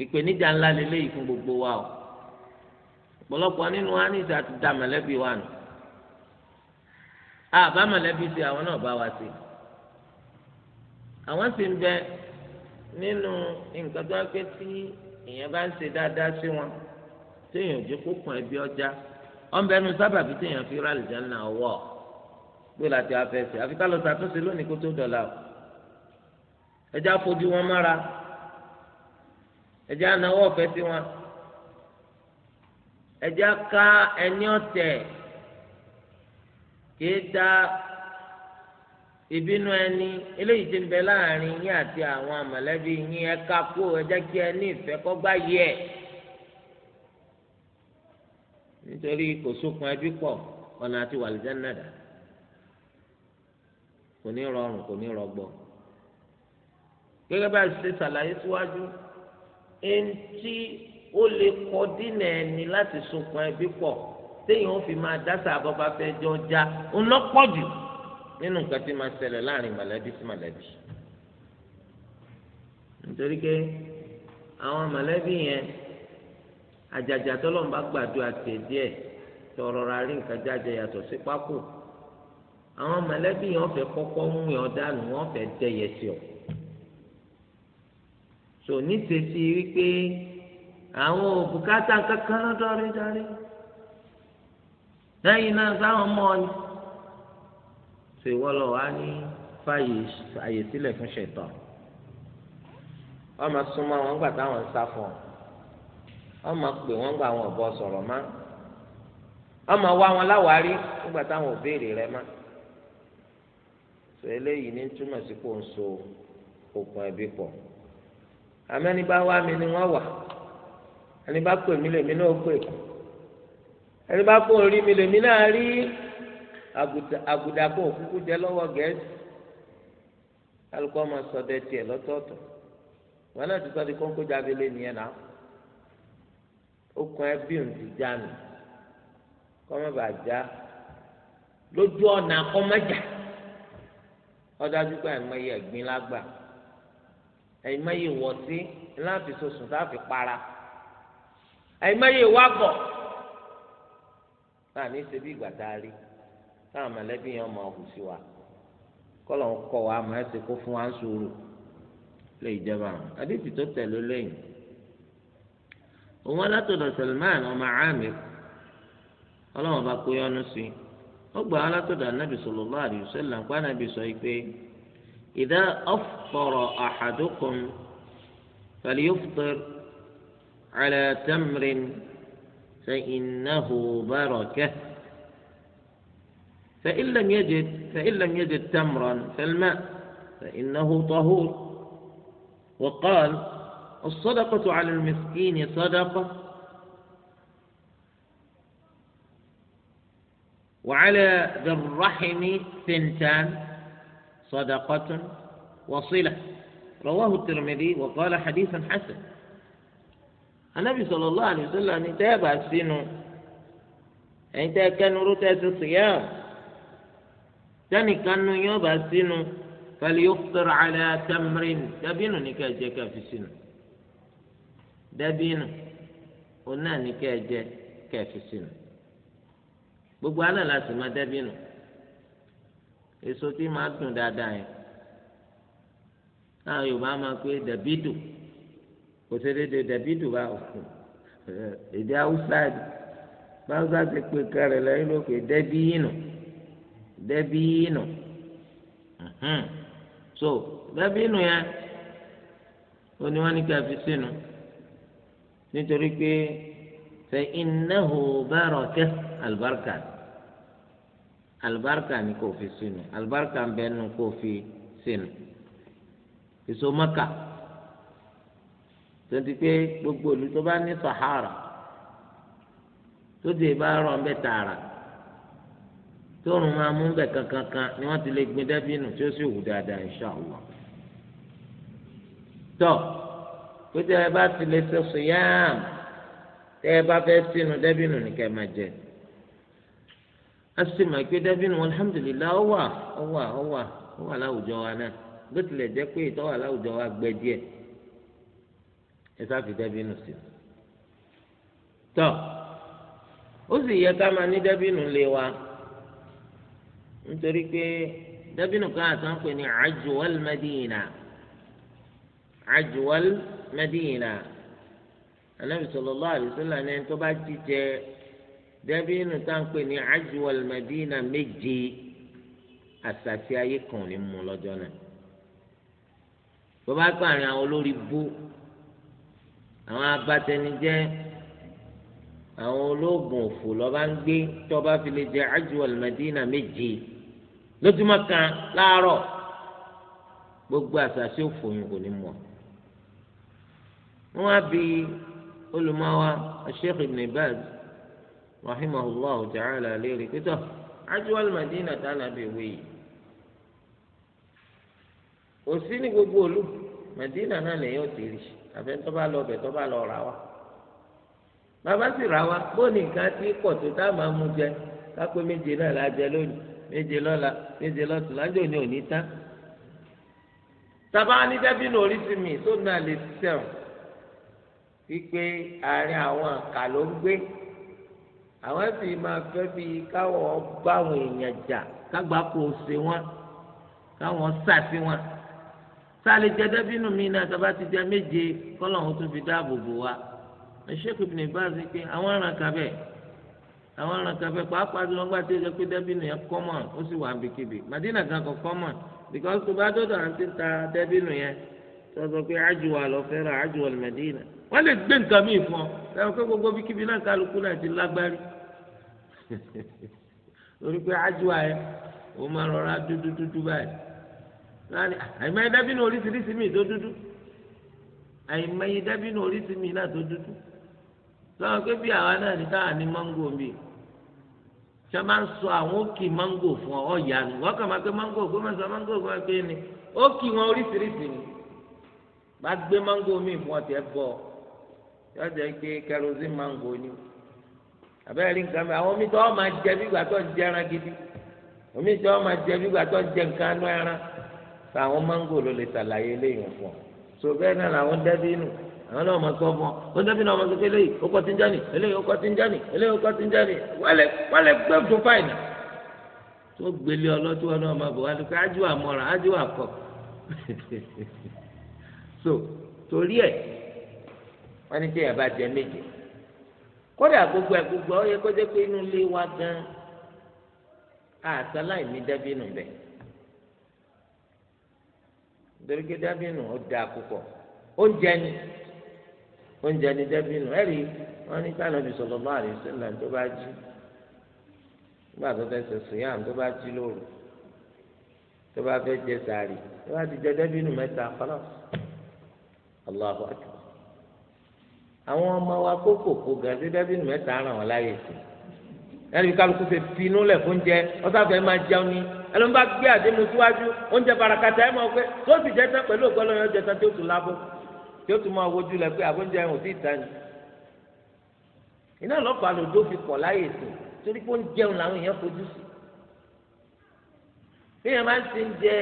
ìpèníjà ńlá lélẹ́yìí fún gbogbo wa o ọ̀pọ̀lọpọ̀ nínú wa ní ìsà ti dà mọ̀lẹ́bí wa nù àbá mọ̀lẹ́bí ṣe àwọn náà bá wa ṣe àwọn sì ń bẹ nínú nǹkan tó wá pé tí èèyàn bá ń ṣe dáadáa sí wọn téèyàn jẹ kó kàn ẹbí ọjà ọ̀nbẹ́nu sábàbí téèyàn fi rà lìjánná ọwọ́ gbé láti afẹsẹ̀ àfi ká lọ ṣàtúnṣe lónìí kó tó dọ̀la o ẹjẹ́ àfojú wọn mára ẹjẹ́ ànáwó ọ̀fẹ́ sí wọn ẹjẹ́ ká ẹni ọ̀tẹ̀ kìí da ìbínú ẹni eléyìí tí ń bẹ láàrin yín àti àwọn àmọ̀lẹ́bí yín ẹ ká kó ẹ jẹ́ kí ẹ ní ìfẹ́ kọ́gbá yẹ nítorí kò sókun ẹbí pọ̀ ọ̀nà àti wàlìjánà dà kò ní rọrùn kò ní rọgbọ gẹ́gẹ́ bá a ṣe ṣàlàyé síwájú eŋti ó lè kọ dínà ẹni láti sokun ẹbí pọ̀ téèyàn ó fi máa dásà àbọ̀bá fẹ́ jọ já ńlọ́pọ̀jù nínú nǹkan tí máa ṣẹlẹ̀ láàrin mọ̀lẹ́bí sí mọ̀lẹ́bí. nítorí pé àwọn mọ̀lẹ́bí yẹn àjàjà tọ́lọ́run bá gbàdúrà tiẹ̀ díẹ̀ tọrọ ra rí nǹkan jáde yàtọ̀ sí pákó àwọn mọ̀lẹ́bí yẹn wọ́n fẹ́ kọ́kọ́ mú yàn dànù wọ́n fẹ́ dẹyẹ sí ọ. sò ní tètè wípé àwọn òbúkátà kankan lọ́dọ̀ rí lẹ́yìn náà sáwọn mọ́ ọ ni ṣe ìwọ lọ wá ní fàyè àyè sílẹ̀ fún ṣẹ̀tàn wọ́n máa súnmọ́ wọn gbà táwọn ń sá fún ọ wọ́n máa pè wọ́n gbà wọn ọ̀bọ sọ̀rọ̀ má wọ́n máa wá wọn láwárí nígbà táwọn ò béèrè rẹ má sọ eléyìí ní túmọ̀ sí kò ń so okùn ẹbí pọ̀ àmẹ́ni bá wá mi ni wọ́n wà ẹni bá pè mí lèmi náà pè kù ẹni bá kó orí mi lèmi náà rí àgùdà kó òkúkú jẹ lọ́wọ́ gẹ̀ẹ́sì alùpùpù ọmọ sọdẹ tiẹ̀ lọ́tọ̀ọ̀tọ̀ wọn náà ti sọ di kónkó jábélé nìyẹn náà okùn ẹbí òǹtí jánu kọ́mọ́bàjá lójú ọ̀nà kọ́mọ́jà ọdájú pé àìmọye ẹ̀gbin lágbà àìmọye ìwọ̀sí láti sosùn láti para àìmọye ìwábọ̀ náà ní ṣe bí ìgbà tá a rí táwọn mọ̀lẹ́bí yẹn máa hù sí wa kọ́lọ̀ ń kọ́ wa máa ṣe kó fún wa ń sòrò lè jẹba àwọn adéjì tó tẹ̀lé lẹ́yìn òun alátọ̀dọ̀ Salman ọmọ Amir ọlọ́run bá kó yọnu sí i ó gbà alátọ̀dọ̀ anábì sallallahu alaihi wasallam nípa anábì sọ pé idha aftara ahadukum falyuftir ala tamrin. فإنه بركة فإن لم يجد فإن لم يجد تمرا فالماء فإنه طهور وقال الصدقة على المسكين صدقة وعلى ذي الرحم ثنتان صدقة وصلة رواه الترمذي وقال حديث حسن anabi sallallahu alaihi wasallam ní tẹ́ ẹ bá sínú ẹ̀yin tẹ́ kẹnuró tẹ́ ti sìyà tẹ́nìkan nu yóò bá sínú falyufṭir ala tamrin dàbínù ní ká jẹ ká fi sínú dàbínù òun náà ní ká jẹ ká fi sínú gbogbo alẹ́ la sì máa dàbínù èso tí máa dùn dáadáa yẹn náà yorùbá máa pé dàbídù kò ṣe déédéé dàbí dùbà òkú èdè haúsá báwùsá ti pè kẹrẹ lẹ́yìn lókè dẹbí yìnà dẹbí yìnà so dẹbí yìnà yẹn ó ní wọn ní ká fi sínú nítorí pé fẹ ináhù bẹrọ kẹ alibarika alibarika ni kò fi sínú alibarika ń bẹ nù kò fi sínú èso maka tonti pé gbogbo olú tó bá ní sahara tó dé bá rọ ń bẹ tààrà tóorùn máa mú bẹ kankankan ni wọn ti lè gbin dẹbìnú tí ó sì wù dáadáa inṣàlá tọ pété ẹ bá ti lè ṣe sùyàm tẹ ẹ bá fẹ́ sínú dẹbìnú ní kẹ́ jẹ a sì máa gbé alhamdulilayi ó wà ó wà ó wà ó wà láwùjọ wa náà bó tilẹ̀ jẹ́ pé ìtọ́wà láwùjọ wa gbẹ díẹ̀. ẹsẹ fi dẹbìnú sí tọ ó sì yẹ ká máa ní dẹbìnú lé wa nítorí pé dẹbìnú kan àti wọn pè ní àjùwọl mẹdìínà àjùwọl mẹdìínà anabi sallallahu alaihi wasallam ní tó bá jíjẹ dẹbìnú tá à ń pè ní àjùwọl mẹdìínà méje àṣàṣì ayé kan ní àwọn abatẹnijẹ́ àwọn ológun òfò lọ́ba ń gbé tọ́ba fi lè jẹ àjù àlùmọ́dínà méje lójúmọ́ kan láàárọ̀ gbogbo àṣàṣe òfò yìí kò ní mọ̀ wọ́n á bi olùmọ́wá Sheikh Ibn Baz rahimahullah ta'ala léèrè pé tọ́ àjù àlùmọ́dínà tánà bẹ̀ wéyìí òsì ní gbogbo olú Mẹdínà náà lè yọ tèèrè sí àbẹ tó bá lọ bẹ tó bá lọ rà wá bàbá sì rà wá bó ní nǹkan tí pọ̀ tó tá a máa mú jẹ kápẹ́ méje náà la jẹ lónìí méje lọ́la méje lọ́tún lájọ ní òní tán tàbá ní dábìnú oríṣi mi tó náà lè sẹ́wọ̀n wípé àárín àwọn àkà ló ń gbé àwọn sì máa fẹ́ fi káwọn báwọn èèyàn jà kágbákò ṣe wọn káwọn sà sí wọn sáàlì jẹdẹ bínú mi náà sábà ti jẹ méje kọlọ́hún tún fi dáàbò bò wá Sheikh Ibn Baz pé àwọn aràn kabẹ àwọn aràn kabẹ pàápàá ló ń gbà tí ó jẹ pé dẹbìnú yẹn kọ́mọ̀n ó sì wà níbikíbi Madina gan kọ kọ́mọ̀n because tó bá dọ́dọ̀ àti ta dẹbìnú yẹn tó sọ pé àjùwà lọ fẹ́ràn àjùwà lọ Madina wọ́n lè gbé nǹkan míì fún ọ ẹ̀rọ pé gbogbo bíkíbi náà kálukú náà ti lágbárí torí pé àjùwà yẹn ó máa rọra dúdú dúdú báyìí láàrin àìmọye dábìnú oríṣiríṣi mi tó dúdú àìmọye dábìnú oríṣiríṣi mi náà tó dúdú lọ́wọ́ pé bí àwa náà ní táwa ní máńgò mi ṣe máa ń sọ àwọn òkè máńgò fún ọ ọ̀yànù wọ́n kàn máa pé máńgò ògbó máa sọ máńgò ògbó máa pé ni òkè wọn oríṣiríṣi ni bá gbé máńgò mi fún ọtí ẹ bọ yóò jẹ pé kẹrosín máńgò ni àbẹ́rẹ́ rí nǹkan mi àwọn omi tó máa jẹ bí ìgbà tó ń jẹ ẹran gidi omi tó máa jẹ bí ìgbà jẹ nǹkan ẹran àwọn máńgò ló lè ṣàlàyé eléyìí fún ọ so bẹ́ẹ̀ náà làwọn dẹ́bí nù àwọn náà mọ̀ sọ fún ọ ó dẹ́bí náà mọ̀ sọ pé eléyìí ó kọ́ ti ń jáde eléyìí ó kọ́ ti ń jáde eléyìí ó kọ́ ti ń jáde wálẹ̀ wálẹ̀ gbẹ́ tó fáìnà tó gbélé ọlọ́tí wọn náà máa bọ̀ wá lókè ájú àmọ́ra ájú àkọ so torí ẹ̀ wọ́n ní kéèyàn bá méje kódà gbogbo ẹ̀ gbogbo ọ yẹ kó jẹ́ pé inú ilé wa gan àtàláìmí dẹ́bí nù bẹ́ẹ̀ torí pé dábìnù ó dáa púpọ̀ oúnjẹ ni oúnjẹ ni dábìnù ẹ̀rí wọn ní sànàbì sallallahu alaihi wasallam tó bá jí nígbà tó fẹ́ sọ sùyàm tó bá jí lóru tó bá fẹ́ jẹ sàárì tó bá ti jẹ dábìnù mẹ́ta kọ́lá Allahu akbar àwọn ọmọ wa kókò kó gàdé dábìnù mẹ́ta ràn wọ́n láyè sí ẹ̀rí kálukú fẹ́ finú lẹ̀ fún jẹ ọ́sàfẹ́ máa jẹun ní ẹlòmí bá gbé àdéhùn síwájú oúnjẹ barakata ẹ mọ̀ pé tó sì jẹ tán pẹ̀lú ògbọ́n lọ́yọ́ jẹ tán tí ó tún lábọ́ tí ó tún máa wojú lẹ pé àbóúnjẹ ẹ̀ ò sí ìta ni. iná lọ́pàá lòdó fi pọ̀ láyè sùn torí pé oúnjẹun làwọn èèyàn fojú sí. bí èèyàn máa ń ti jẹ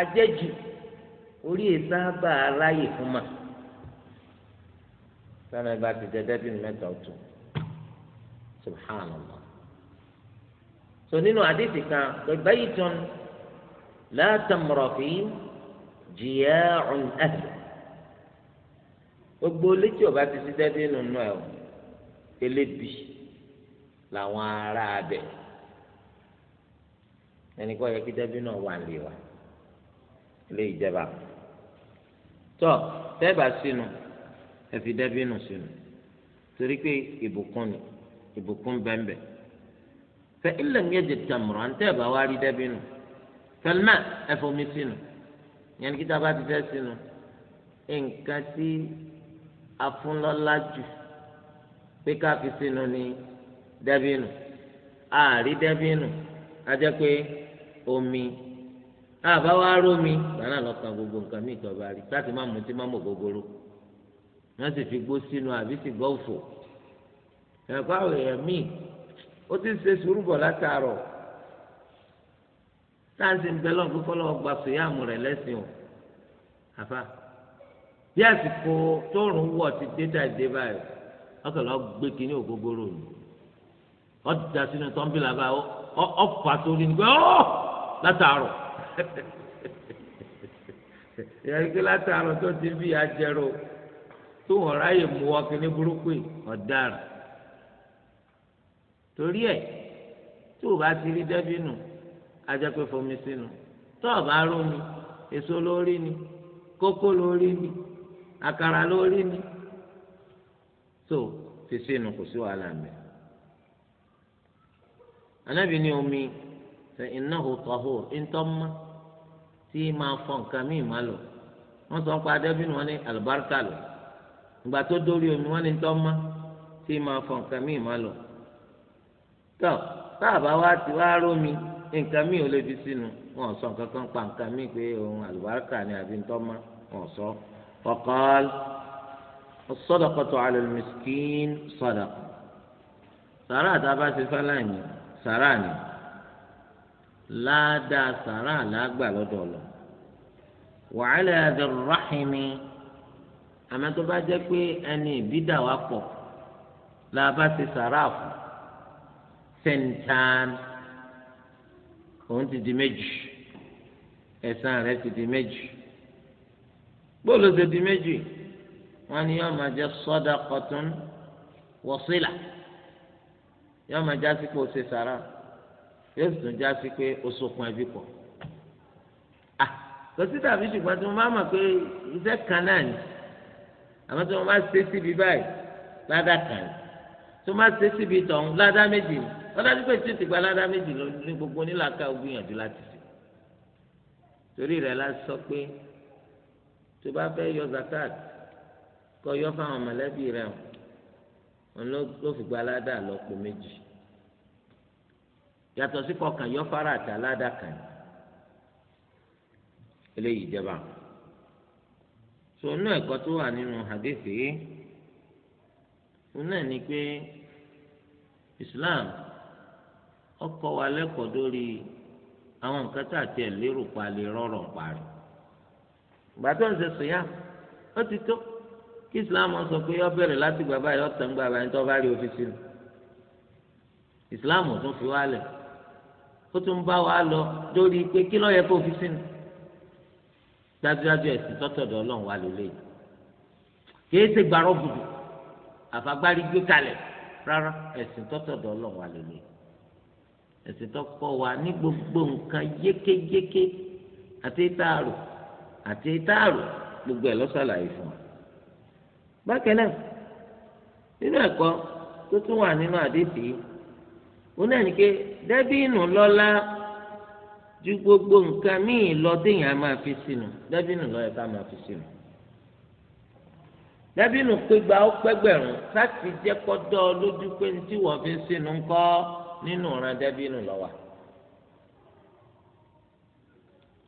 àjẹjù orí èsà bá a ráyè fún mà. sáà náà bá ti jẹ dẹ́bìnrin mẹ́ta ọ̀tún subhanallah so nínú àdìsí kan pé baytun la tamra fi jiya'un ahli gbogbo létí ọba ti sí dẹ́bí nínú ẹ̀ elébi làwọn ará abẹ ẹnì kan yẹ kí dẹ́bí náà wà lè wa ilé ìjẹba tọ tẹ́ẹ̀bà sínú ẹ dẹ́bí nù sínú torí pé ìbùkún ni ìbùkún bẹ́ẹ̀ bẹ́ẹ̀. فإن لم يجد تمرا تابع والد بنو فالماء أفهمي سنو يعني كتابات سنو إن كتي أفن الله pé ká fi sínú ni dẹ́bínú àárí dẹ́bínú ajẹ́ pé omi àbá wa rómi gbaná lọ́kàn gbogbo nǹkan mí ìtọ́ba rí láti má mutí má mọ̀ gbogbooro wọ́n sì fi gbó sínú àbí sì gbọ́ òfò ẹ̀kọ́ àwọn míì ó ti ṣe sùúrù bọ̀ látàárọ̀ táǹsì ń bẹ lọ́n kó kọ́lọ́wọ́ gba sòyàmù rẹ̀ lẹ́sìn o àfa bí àsìkò tóòrùn wọ̀ ti dé dàdé báyìí ọkàn lọ gbé kínní ògógóró ni ọ da sínú tọ́ḿbìlà báyìí ọ fà sórí ni pé ọ látàárọ̀ ìyàrí pé látàárọ̀ tó ti bí ajẹrò tó wọ́n ráyè mú ọkàn ní burúkú ọ̀daràn torí ẹ̀ tí o bá ti rí dẹ́bínù ajá pé fomi sínú tó o bá rómi èso lórí ni kókó lórí ni àkàrà lórí ni tó fi sínú kò sí wàhálà mi. anábì ní omi ṣe iná òtọ́hó ńtọ́mọ́ tí máa fọ nǹkan míì má lọ wọ́n sọ pé adẹ́bínú wọn ní àlùbáríkà lọ ìgbà tó dórí omi wọn ní ńtọ́mọ́ tí máa fọ nǹkan míì má lọ tọ táàbà wa ti wá rómi nǹkan míì ò lè fi sínú wọn sọ nǹkan kan pa nǹkan míì pé òun àlùbáríkà ni àbí ntọ́mọ wọn sọ ọkọọl sọdọkọtọ alẹlùmísìkín sọdọ sàrà àtàbà ṣe fẹlẹyìn sàrà ni ládàá sàrà làgbà lọ́dọ̀ ọlọ wàhálà ẹdẹ ràhìnmi tó bá jẹ́ pé ẹni ìbídà wa pọ̀ làbá ti sàrà fún tẹ̀ǹtàn òun ti di méjì ẹ̀san rẹ̀ ti di méjì bóòlù ti di méjì wọn ni yóò máa jẹ sadaqatun wasila yóò máa já sí pé o ṣe sàrà yóò sì tún já sí pé o sokun ẹbí pọ̀ à ah, kò sí ṣùgbọ́n tí mo máa mọ̀ pé iṣẹ́ kan náà ni àmọ́ tí mo máa ṣe síbi báyìí ládàá kan tí mo máa ṣe síbi tọ̀hún ládàá méjì ni wọ́n dájú pé títí gbalada méjì ní gbogbo onílàáká gbìyànjú láti ṣe torí rẹ̀ la sọ pé tó bá fẹ́ yọ zakat kó yọ fáwọn mọ̀lẹ́bí rẹ̀ wọn ló fi gbalada lọ́pọ̀ méjì yàtọ̀ sí kọkàn yọ fara àtàládà kan eléyìí jẹba sọnù ẹ̀kọ́ tó wà nínú hadithi yìí òun náà ni pé Islam ọkọ wa lẹ́kọ̀ọ́ lórí àwọn nǹkan tá a tiẹ̀ lérò pa lè rọrọ̀ parí ìgbà tó ń ṣe sòyà ó ti tó kí islam sọ pé yọ bẹ̀rẹ̀ láti gbàgbà yọ tàn gbàgbà yẹn tó bá rí ọ́fíìsì nù islam tún fi wá lẹ̀ ó tún bá wa lọ lórí pé kí lọ́ọ́ yẹ kó ọ́fíìsì nù dájúdájú ẹ̀sìn tọ́tọ̀dọ̀ ọlọ́run wa lélẹ̀ kìí ṣe gbàrọ́ gbùdù àfagbárí gbé kalẹ̀ rárá ẹ̀sìn tọ́tọ̀dọ̀ ọlọ́run wa lélẹ̀ ẹ̀sìn tó kọ́ wa ní gbogbo nǹkan yékéyéké àti táàrò àti táàrò gbogbo ẹ̀ ló ṣàlàyé fún wa. bákan náà nínú ẹ̀kọ́ tó tún wà nínú àdéhùn yìí wọn náà ní pé dẹ́bìnù lọ́lá ju gbogbo nǹkan míì lọ téèyàn máa fi sínú dẹ́bìnù lọ́yẹ ká máa fi sínú dẹ́bìnù pé gba ó pẹ́gbẹ̀rún láti jẹ́ kọ́ dọ́ lójú pé ní tí wọ́n fi sínú ńkọ́ nínú ọ̀ràn dàbínù lọ́wọ́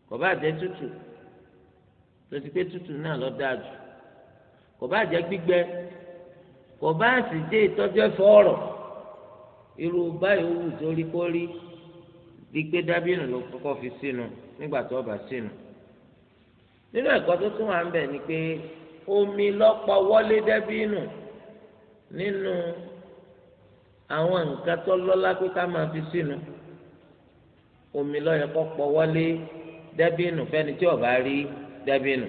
kò bá jẹ́ tútù tó ti pé tútù náà lọ dáa jù kò bá jẹ́ gbígbẹ kò bá sì jẹ́ ìtọ́jú ẹ̀fọ́ ọ̀rọ̀ irú báyìí wù tó rí kó rí gbígbé dàbínù ló kọ́kọ́ fi sínú nígbà tó bá sínú nínú ẹ̀kọ́ tó tún wà ń bẹ̀ ni pé omi lọ́pọ̀ wọlé dàbínù nínú. àwọn nǹkan tó lọ́lá pé ká máa fi sínú omi lọ́yẹ kọ́ wọlé dẹ́bìnù fẹ́ni tí ọ̀bá rí dẹ́bìnù.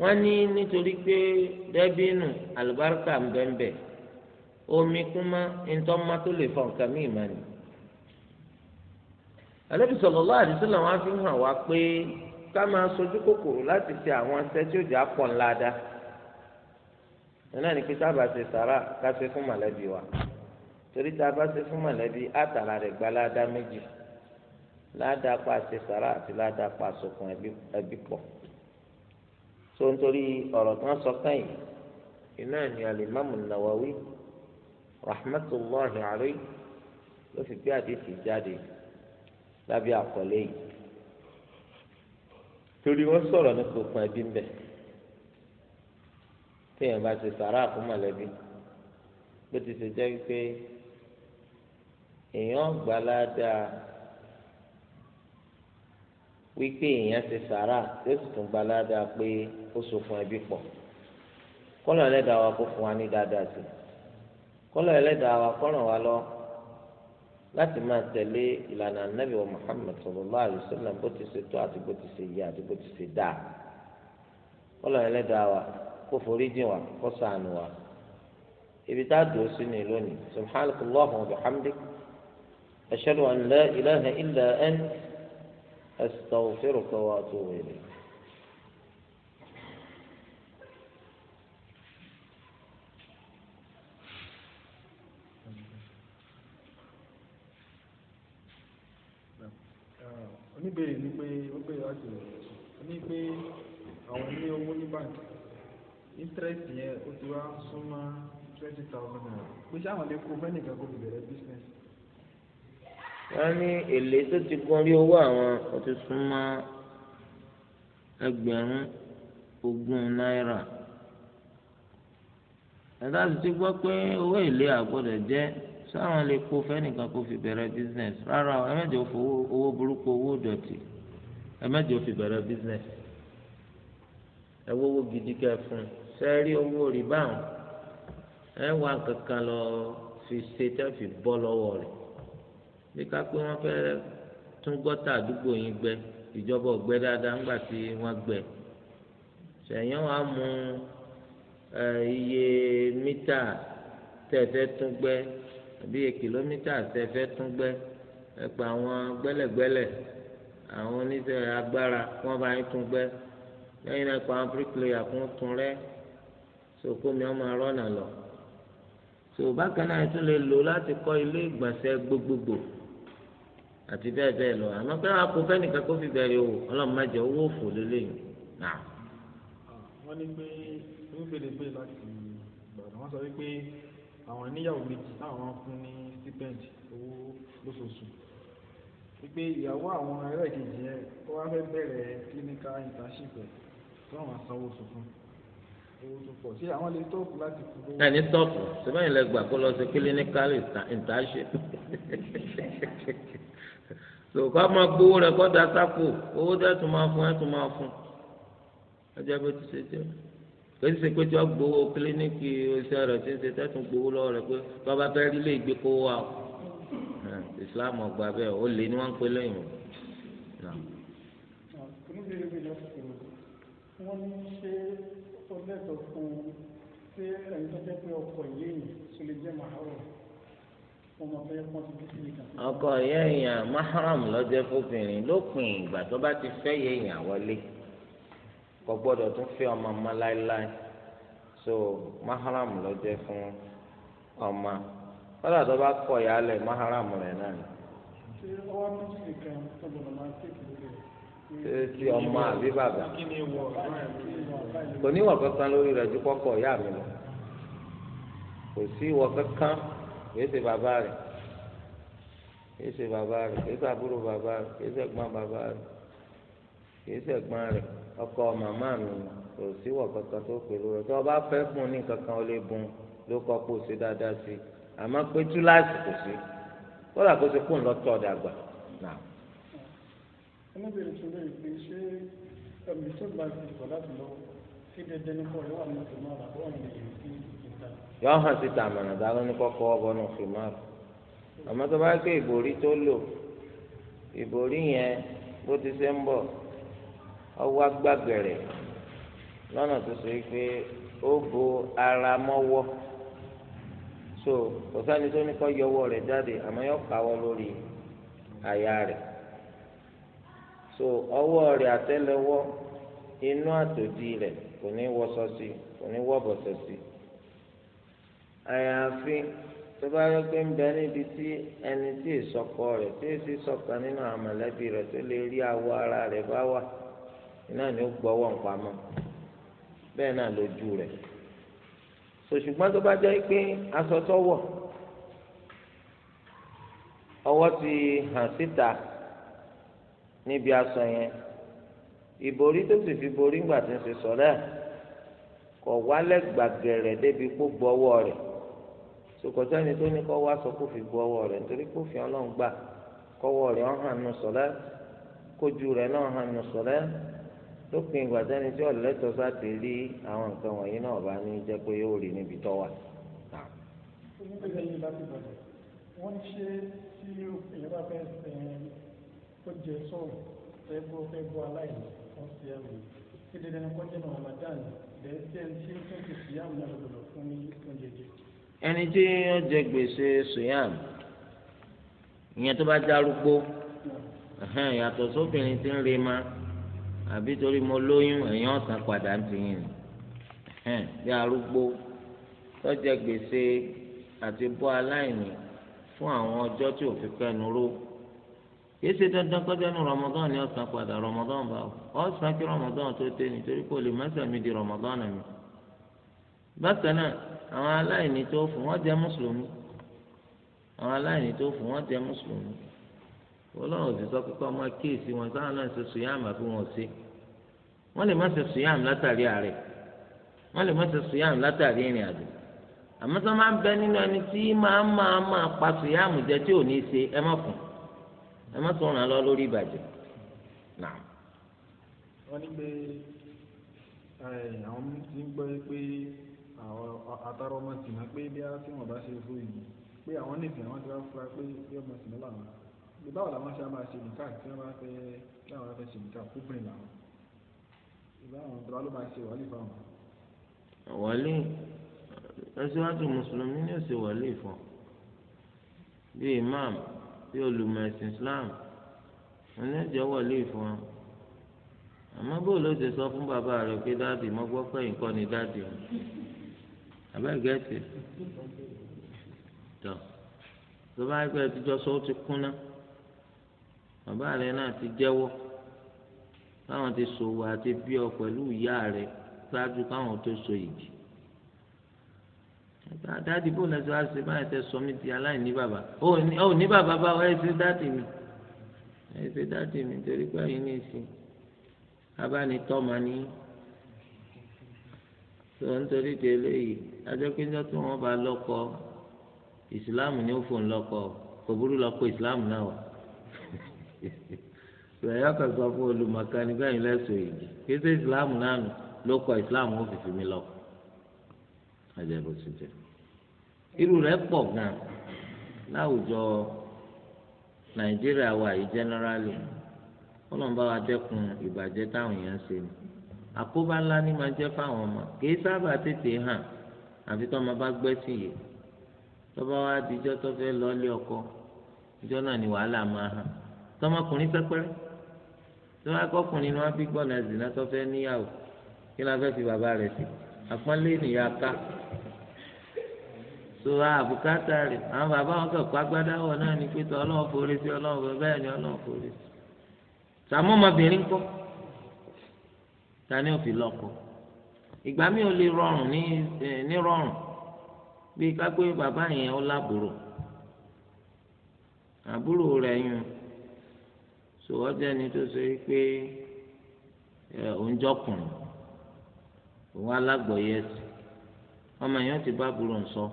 wọ́n ní nítorí pé dẹ́bìnù àlùbáríkà ń bẹ́ńbẹ́ omi kúmá ntọ́má tó lè fọ nǹkan mí ìmọ̀ ni. àlẹ́bí sallallahu fi hàn wá pé náà ní pé sábà ṣe sàrà ká ṣe fún mọ̀lẹ́bí wa torí tá a bá ṣe fún mọ̀lẹ́bí àtàrà rẹ̀ gba ládàá méjì ládàá pa ṣe sàrà àti ládàá pa sokùn ẹbí pọ̀ tó ń torí ọ̀rọ̀ tí wọ́n sọ kẹ́yìn iná ni alimami nawawi rahmatulahi alayhi ló fi gbé àdéhìí jáde lábẹ́ àkọlé yìí torí wọ́n sọ̀rọ̀ nípa òpin ẹbí ń téèyàn bá ṣe sàrà fún mọ̀lẹ́bí bó ti ṣe jẹ́ pé èèyàn gbà ládàá wípé èèyàn ṣe sàrà yóò sì tún gbà ládàá pé ó sokùn ẹbí pọ̀ kọ́lọ̀ ẹlẹ́dàá wa kó fún wa ní dáadáa sí kọ́lọ̀ ẹlẹ́dàá wa kọ́ràn wa lọ láti máa tẹ̀lé ìlànà ànábì wa Muhammad sallallahu alaihi bó ti ṣe tó àti bó ti ṣe yẹ àti bó ti ṣe dáa kọ́lọ̀ ẹlẹ́dàá wa. kó forí jìn wá kó ṣàánú wá ibi tá a dùn sí ni lónìí subhanaka allahumma wa bihamdik ashhadu an la ilaha illa anta astaghfiruka wa atubu ilayk. oníbèrè ni pé ó pè láti rẹ̀ ní pé àwọn ilé owó ní báńkì interest yẹn ó ti wá súnmọ́ twenty thousand naira pé sáwọn lè kó fẹ́ nìkan kó fi bẹ̀rẹ̀ business. wọ́n ní èlé tó ti gun orí owó àwọn ó ti súnmọ́ ẹgbẹ̀rún ogún náírà ẹ̀dá sì ti gbọ́ pé owó èlé àgbọ̀dọ̀ jẹ́ sáwọn lè kó fẹ́nìkan kó fi bẹ̀rẹ̀ business rárá ẹ mẹ́jọ fowó owó burúkú owó dọ̀tí ẹ mẹ́jọ fi bẹ̀rẹ̀ business ẹ wọ́wọ́ gidi kẹ́ fún un sẹ́rí owó rìbá àwọn ẹ̀ wá kankan lọ fi ṣe tẹ́ fi bọ́ lọ́wọ́ rẹ̀ bí ká pé wọ́n fẹ́ tún gọ́tà àdúgbò yín gbẹ ìjọba ọ̀gbẹ́ dáadáa ńgbà tí wọ́n gbẹ sẹ̀yìn wa mú iye mítà tẹ̀fẹ́ tún gbẹ àbí iye kìlómítà tẹ̀fẹ́ tún gbẹ ẹ àwọn gbẹ́lẹ̀gbẹ́lẹ̀ àwọn oníṣẹ́ agbára wọ́n bá yín tún gbẹ lẹ́yìn náà pa àwọn bíríkìlì àkúntún rẹ́ so kó mi ọmọ rọ́nà lọ so bákan náà tún lè lò láti kọ́ ilé ìgbọ̀nsẹ̀ gbogbogbò àti bẹ́ẹ̀ bẹ́ẹ̀ lọ àmọ́ pé wọn kò fẹ́nìkan kó fi bẹ̀rẹ̀ o ọlọ́run má jẹ́ owó òfò lélẹ́yìn náà. wọ́n ní pé wọ́n fèrè pé láti ìbàdàn wọ́n sọ wípé àwọn níyàwó méjì táwọn fún ní stipend owó lóṣooṣù wípé ìyàwó àwọn ẹlẹ́ẹ̀kejì yẹn ó wá fẹ́ bẹ̀rẹ̀ clinical internship ẹ̀ tó àwọn sanwó ẹni tọ́pù sẹ́fẹ̀yìn lẹ gbà kó lọ sí kílíníkàlì ìtàṣe tòkọ́ máa gbowó rẹ̀ kọ́ da sápò owó tẹ́ tún máa fún ẹ tún máa fún ẹjẹ́ bó ti ṣe jẹ́ kò sí pé tí wọ́n gbowó kílíníkì oṣù rẹ̀ tí ń ṣe tẹ́tún gbowó lọ́wọ́ rẹ̀ pé tó bá rí lè gbé kówó wa Islam ọgbà bẹ́ẹ̀ ó lé ní wọ́n ń pè lẹ́yìn o lẹ́tọ̀ fún pé ẹni tó jẹ́ pé ọkọ ìléyìn tó lè jẹ́ màhárọ̀ ọkọ ìyá èèyàn mahram lọ́jọ́ fóbìnrin lópin ìgbà tó bá ti fẹ́ yẹ èèyàn wọlé kò gbọ́dọ̀ tún fẹ́ ọmọ ọmọ láéláé so mahram lọ́jọ́ fún ọmọ kọ́dà tó bá kọ̀ ìyá mahram rẹ̀ náà ṣé ọwọ́ méjì nìkan tó gbọ́dọ̀ máa tẹ̀lé ti ọmọ àbí bàbá kò ní ìwà kankan lórí rẹ̀ ju kọ́kọ́ ìyá mi lọ kò sí ìwà kankan kìí ṣe bàbá rẹ̀ kìí ṣe bàbá rẹ̀ kìí ṣe àbúrò bàbá rẹ̀ kìí ṣe ẹ̀gbọ́n bàbá rẹ̀ kìí ṣe ẹ̀gbọ́n rẹ̀ ọkọ màmá mi kò sí ìwà kankan tó pè lórí rẹ̀ tí wọ́n bá fẹ́ fún ní kankan ó lè bun ló kọ́ kó ṣe dáadáa sí i àmọ́ pé túláàsì kò sí kódà kó ṣe kó ń lọ tọ́ ọ̀dà gbà náà oníbèrè tó lè pè ṣé ẹ̀mí tó bá ti sọ láti lọ sí dẹdẹ ní kọ́ ìwà ní tòmọ́ àbọ̀ ní èyí sí ìta. yọ hàn síta àmàlà dáná ní kọ́kọ́ ọbọ̀ náà fi máa àmọ́ tó bá gbé ìbòrí tó lò ìbòrí yẹn bó ti ṣe ń bọ̀ ọwọ́ agbágbẹ̀rẹ̀ lọ́nà tó ṣe pé ó bo ara mọ́wọ́ so kò sani tó ní kọ́ yọwọ́ rẹ̀ jáde àmọ́ yọ kàwọ́ lórí àyà rẹ̀. so ọwọ́ rẹ̀ àtẹ́lẹwọ́ inú inu rẹ̀ kò ní wọṣọ sí kò ní wọbọṣọ sí àyàfi tó bá yọ pé ń bẹ níbi tí ẹni tí ìsọkọ rẹ̀ tí èsì nínú àmọ̀lẹ́bí rẹ̀ tó lè awọ ara rẹ̀ bá wà iná ni ó gbọ́wọ́ npamọ́ bẹ́ẹ̀ náà lójú rẹ̀ so ṣùgbọ́n tó bá jẹ́ pé aṣọ tó wọ̀ níbi aṣọ yẹn ìborí tó sì fi borí ńgbà tí ń ṣe sọlẹ kò wálẹ̀ gbàgẹ̀rẹ̀ débi kó gbọ́ ọwọ́ rẹ̀ sòkòtẹ́ni tó ní kó wá sọ kó fi gbọ́ ọwọ́ rẹ̀ nítorí kó fi ọlọ́run gbà kọ́wọ́ rẹ̀ ọ̀hún àánú sọlẹ kójú rẹ̀ náà hàn ní sọlẹ lópin ìgbà tẹ́ni tí ọ̀lẹ́tọ̀ sá ti rí àwọn nǹkan wọ̀nyí náà bá ní jẹ́ pé yóò rí níbi tọ́ wà. wọ́n ṣe tí èèyàn bá fẹ́ ó jẹ sọ̀rọ̀ ẹgbọ́ ẹgbọ́ aláìní wọ́n sì ẹ̀rù sí dandan ní kọjá náà Ramadan bẹ́ẹ̀ sí ẹni tí ó tún ti sì yàmù náà lọ́dọ̀ fún ní oúnjẹ jẹ. ẹni tí ó jẹ gbèsè sùyàm ìyẹn tó bá darúgbó yàtọ̀ sóbìnrin tí ń re ma àbí torí mo lóyún ẹ̀yìn ọ̀sán padà ń tiyìn bí arúgbó tó jẹ gbèsè àti bọ́ aláìní fún àwọn ọjọ́ tí òfin kẹnu ró kìí ṣe dandan kọjá ní rọmọdán ni ọsàn padà rọmọdán bá ọ ọsàn kí rọmọdán tó tẹ nítorí kó lè mẹsàmí di rọmọdán mi. bákan náà àwọn aláìní tó fún wọn jẹ mùsùlùmí àwọn aláìní tó fún wọn jẹ mùsùlùmí Ọlọ́run sì sọ pípọ́ ọmọ kíyèsí wọn sáwọn náà ṣe sùyàmù àbí wọn ṣe wọn lè má ṣe sùyàmù látàrí àárẹ̀ wọn lè má ṣe sùyàmù látàrí ìrìn àjò àmọ́ máa ń bẹ nínú ẹni tí máa máa máa pa sùyàmù jẹ tí ò ní ṣe ẹ má fún un ẹ má tún ràn án lọ lórí ìbàjẹ́ náà. wọ́n ní pé àwọn ti ń gbọ́ pé àtàrà ọmọ tìǹà pé bí a ti wọ́n bá ṣe fún yìí pé àwọn nìkan àwọn ti wá fura pé bí ọmọ tìǹà làwọn bí báwo làwọn ṣe máa ṣe nìkan tí wọ́n bá fẹ́ kí àwọn fẹ́ ṣe nìkan kó bìnrin làwọn ìbá àwọn tó wá ló máa ṣe wàhálì fáwọn. wàhálì ẹsẹ̀ wájú mùsùlùmí ni ó ṣe wàhálì bí imam bí olùmọ̀ ẹ̀sìn Islam wọn ní ìjọ wọlé fún wọn àmọ́ bó ló ti sọ fún bàbá rẹ̀ pé dáàdì mo gbọ́ pé nǹkan ni dáàdì o àbẹ́gẹ́tì tó tó bá gbé ẹtijọ́ sọ ó ti kúnná bàbá rẹ̀ náà ti jẹ́wọ́ báwọn ti sòwò àti bí ọ pẹ̀lú ìyá rẹ̀ ṣáájú káwọn tó so yìí dáàdì bò lẹsẹ wá sí báyìí tẹ sọmi di aláìní bàbá ó ní bàbá báwo ẹ ṣe dadi mi ẹ ṣe dáàdì mi torí pé ẹ̀yin ní ìsìn abánitọ́ máa ní tó ń torí di eléyìí adékúnjọ́ tí wọ́n bá lọ́kọ ìsìláàmù ni ó fò ń lọ́kọ kò burú lọ́kọ ìsìláàmù náà wà ìrẹ̀yà kan sọ fún olùmọ̀kan nígbà yìí lẹ́sọ̀ èyí kí ṣe ìsìláàmù náà ló ìsìláàmù ó fìfì mi lọ́kọ. ẹ̀jẹ̀ bó ti jẹ́ irú rẹ̀ pọ̀ gan láwùjọ nàìjíríà wa yìí jẹ́nẹ́rálì wọn náà bá wa dẹ́kun ìbàjẹ́ táwọn èèyàn ṣe ni àkóbá ńlá ni máa jẹ́ fáwọn ọmọ kì í sábà tètè hàn àfi tó ọmọ wa dijọ́ tó fẹ́ lọ́ọ́lé ọkọ ìjọ náà ni wàhálà máa hàn tọmọkùnrin tó bá kọkùnrin ni fi gbọ́nà tó fẹ́ níyàwó kí fẹ́ fi bàbá sí so àbùkátà rẹ̀ àwọn bàbá wọn kàn ọ agbádá wọ̀ náà ní pé ọlọ́run forí sí ọlọ́run bẹ́ẹ̀ ni ọlọ́run forí sí sàmú ọmọbìnrin kọ́ tani òfin lọ́kọ ìgbà mi ò lè rọrùn ní ní rọrùn bí kápé bàbá yẹn ó àbúrò yun so ẹni tó òun jọkùnrin òun ọmọ yẹn ti bá burú nsọ.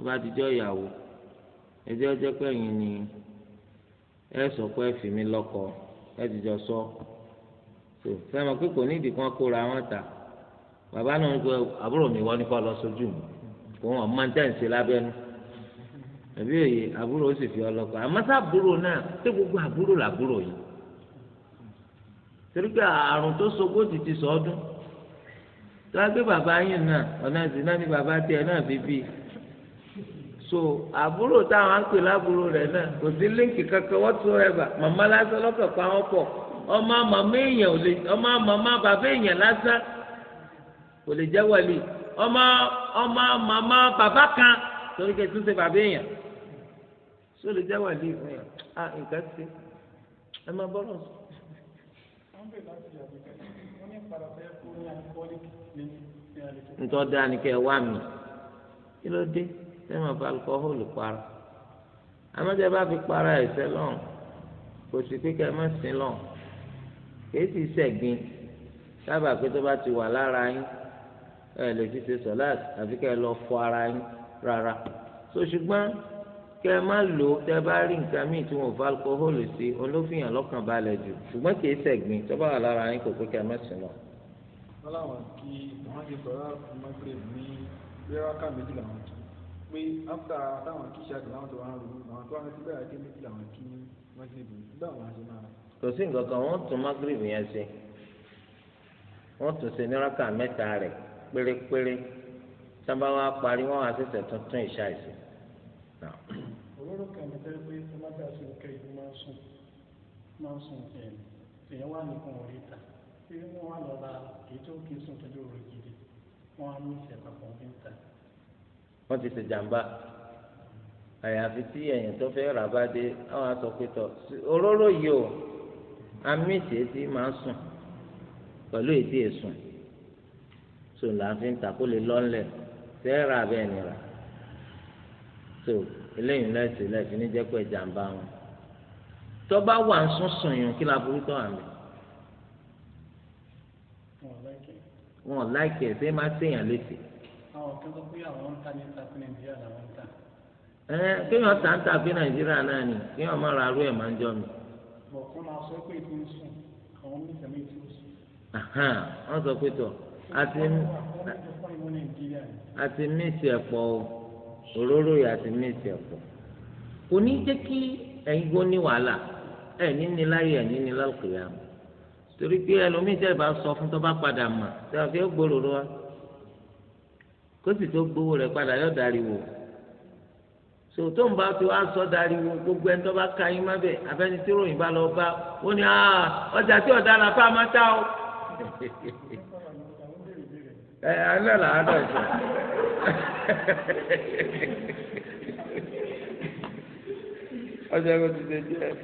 tó bá dijọ́ ìyàwó ẹjẹ́ ọjọ́ pẹ̀yìn ni ẹ sọ pé ẹ fi mí lọ́kọ ẹ dijọ́ sọ tó fẹ́ràn pé kò nídìí kan kóra wọn ta bàbá náà ń gbé àbúrò mi wọ́n ní kó lọ sójú mi kó wọn máa ń tẹ̀sí lábẹ́nu àbí òye àbúrò ó sì fi ọlọ́kọ àmọ́ sábúrò náà pé gbogbo àbúrò làbúrò yìí torí pé àrùn tó sogójì ti sọ ọdún tó wá gbé bàbá yìí náà ọ̀nà ìsìn náà ni bàbá tiẹ̀ náà fi bíi so àbúrò táwọn á ń pè lábúrò rẹ̀ náà kò sí líǹkì kankan whatsoever màmá lásán lọ́kàn pa wọ́n pọ̀ ọmọ màmá èèyàn ò lè ọmọ màmá bàbá èèyàn lásán kò lè jẹ́ wàlí ọmọ ọmọ màmá bàbá kan torí kẹ́ tún ṣe bàbá èèyàn só lè jẹ́ wàlí ah yàn á nǹkan ṣe ẹ máa bọ́rọ̀ sọ. ntọ́ da ni kẹ́ wá mi kí ló dé sẹ́wọ̀n bá alukọ́hólù para amẹ́tẹ́ bá fi para ẹ̀sẹ̀ lọ́n kò sí pé kẹ́ ẹ má sin lọ́n kìí sì sẹ̀gbìn sábà pé tó bá ti wà lára yín ẹ lè fi ṣe sọ̀láàtì àfi kẹ́ ẹ lọ fọ ara yín rárá so ṣùgbọ́n kẹ́ ẹ má lò ó tẹ́ bá rí nǹkan míì tí wọ́n fa alukọ́hólù sí olófìyàn lọ́kàn balẹ̀ jù ṣùgbọ́n kìí sẹ̀gbìn tó bá wà lára yín kò pé kẹ́ sin lọ́n láwọn kí wọ́n ti sọ̀rọ̀ mọ́tìrì ní rẹ́ráká pé after táwọn kì í ṣe àgbà láwọn tó wà ń àwọn tó wà ń síbẹ̀ àti méjì làwọn kì í wọ́n ṣe bù nígbà wọn ṣe máa. kò sí nǹkan kan wọ́n tún magrib yẹn ṣe wọ́n tún ṣe níraka mẹ́ta rẹ̀ pérépéré sábà wá parí wọ́n wá ṣẹ̀ṣẹ̀ tuntun ìṣá ìṣe. olóró kan tẹ́lẹ̀ pé ẹ má dá sí òkè ìlú máa sùn máa sùn tẹ̀ wà nìkan òrí ta pé wọ́n wà lọ́la èyí tó kì wọ́n ti ṣe jàǹbá àyàfi tí ẹ̀yìn tó fẹ́ rà bá dé àwọn asọ̀pẹ̀tọ̀ òróró yìí o àmì ìṣèṣì máa ń sùn pẹ̀lú èdè èsùn tó là ń fi ń tàkó lè lọ́nlẹ̀ fẹ́ rà bẹ́ẹ̀ ni rà tó eléyìí lẹ́sìn lẹ́sìn ní jẹ́ pé jàǹbá wọn tó bá wà ń sún sùn yùn kí la burú tó àmì wọn láìkè ṣé má séèyàn létí àwọn kan sọ pé àwọn ń ta ní tàbí nàìjíríà làwọn ń tà. ẹ kéèyàn tà ń tà bí nàìjíríà náà ni kéèyàn má ra arú ẹ̀ máa ń jọ mi. bọ̀ kọ́ máa sọ pé ètò ìsìn àwọn mẹ́ta mi ti sùn. wọ́n sọ pé tọ̀ àti mísì ẹ̀pọ̀ òróró yìí àti mísì ẹ̀pọ̀ kò ní jẹ́ kí ẹ̀yin gbó ní wàhálà ẹ̀ níní láyé ẹ̀ níní lálùkìyà torí pé ẹlòmíì tẹ́ bá sọ fún tó bá padà mà tẹ́ ẹ fi gbòòrò wa. kó tó gbowó rẹ padà yọ darí wò sòtó ń bá tó wá sọ darí wò gbogbo ẹni tó bá ka yín má bẹ abẹni tí ròyìn bá lọ bá ni ní ah, ọjà tí ọ̀dà là fà má ta o. ẹ alẹ́ là á dọ̀ jù ọjà kò ti dé díẹ̀.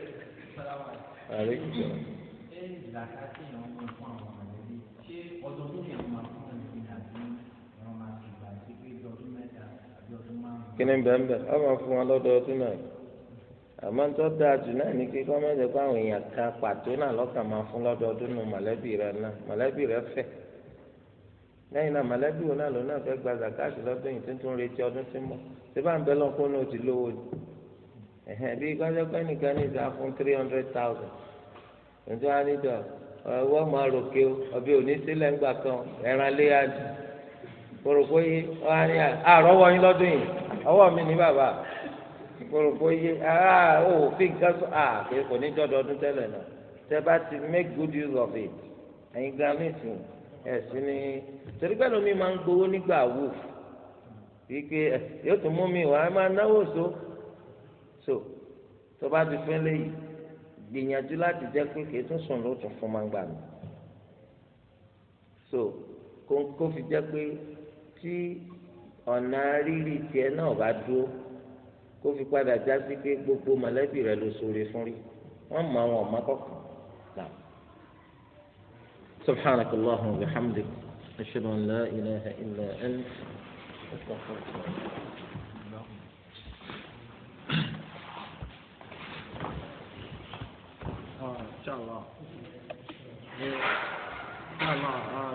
kini bẹ́ẹ̀nbẹ́ẹ́ a máa fún wa lọ́dọọdún náà àmọ́ tó dáa jù náà ní kí mẹ́jọ pé àwọn èèyàn kan pàtó náà lọ́kàn máa fún lọ́dọọdún nù mọ̀lẹ́bí rẹ náà mọ̀lẹ́bí rẹ fẹ́ lẹ́yìn náà mọ̀lẹ́bí wo náà náà fẹ́ gba lọ́dún yìí tuntun retí ọdún tí mọ́ ṣé bá ń bẹ lọ́kọ́ náà ti lówó ni ẹ̀hẹ́n bí gbájọ́ pé nìkan ní fún three hundred thousand á o ọwọ́ mi ní bàbá ìkòròkò yé ah òfin kan sọ ah kò kò ní jọdọ ọdún tẹ́lẹ̀ náà tẹ́ bá ti make good use of it ẹ̀yin gan nísìnyí ẹ̀sìn ni torí pẹ́ lómi máa ń gbowó nígbà wò wípé yóò tún mú mi wá ẹ máa náwó so so tó bá ti fẹ́ léyìí gbìyànjú láti jẹ́ pé kì í tún sùn ló fún máa ń gbà mí so kó fi jẹ́ pé tí. ọ̀nà rírì tiẹ̀ náà bá dúró kó fi padà já sí pé gbogbo mọ̀lẹ́bí rẹ̀ ló ṣoore fún rí wọ́n mọ àwọn ọ̀ma kọ̀ọ̀kan là. سبحانك اللهم وبحمدك أشهد أن لا إله إلا أنت أستغفرك الله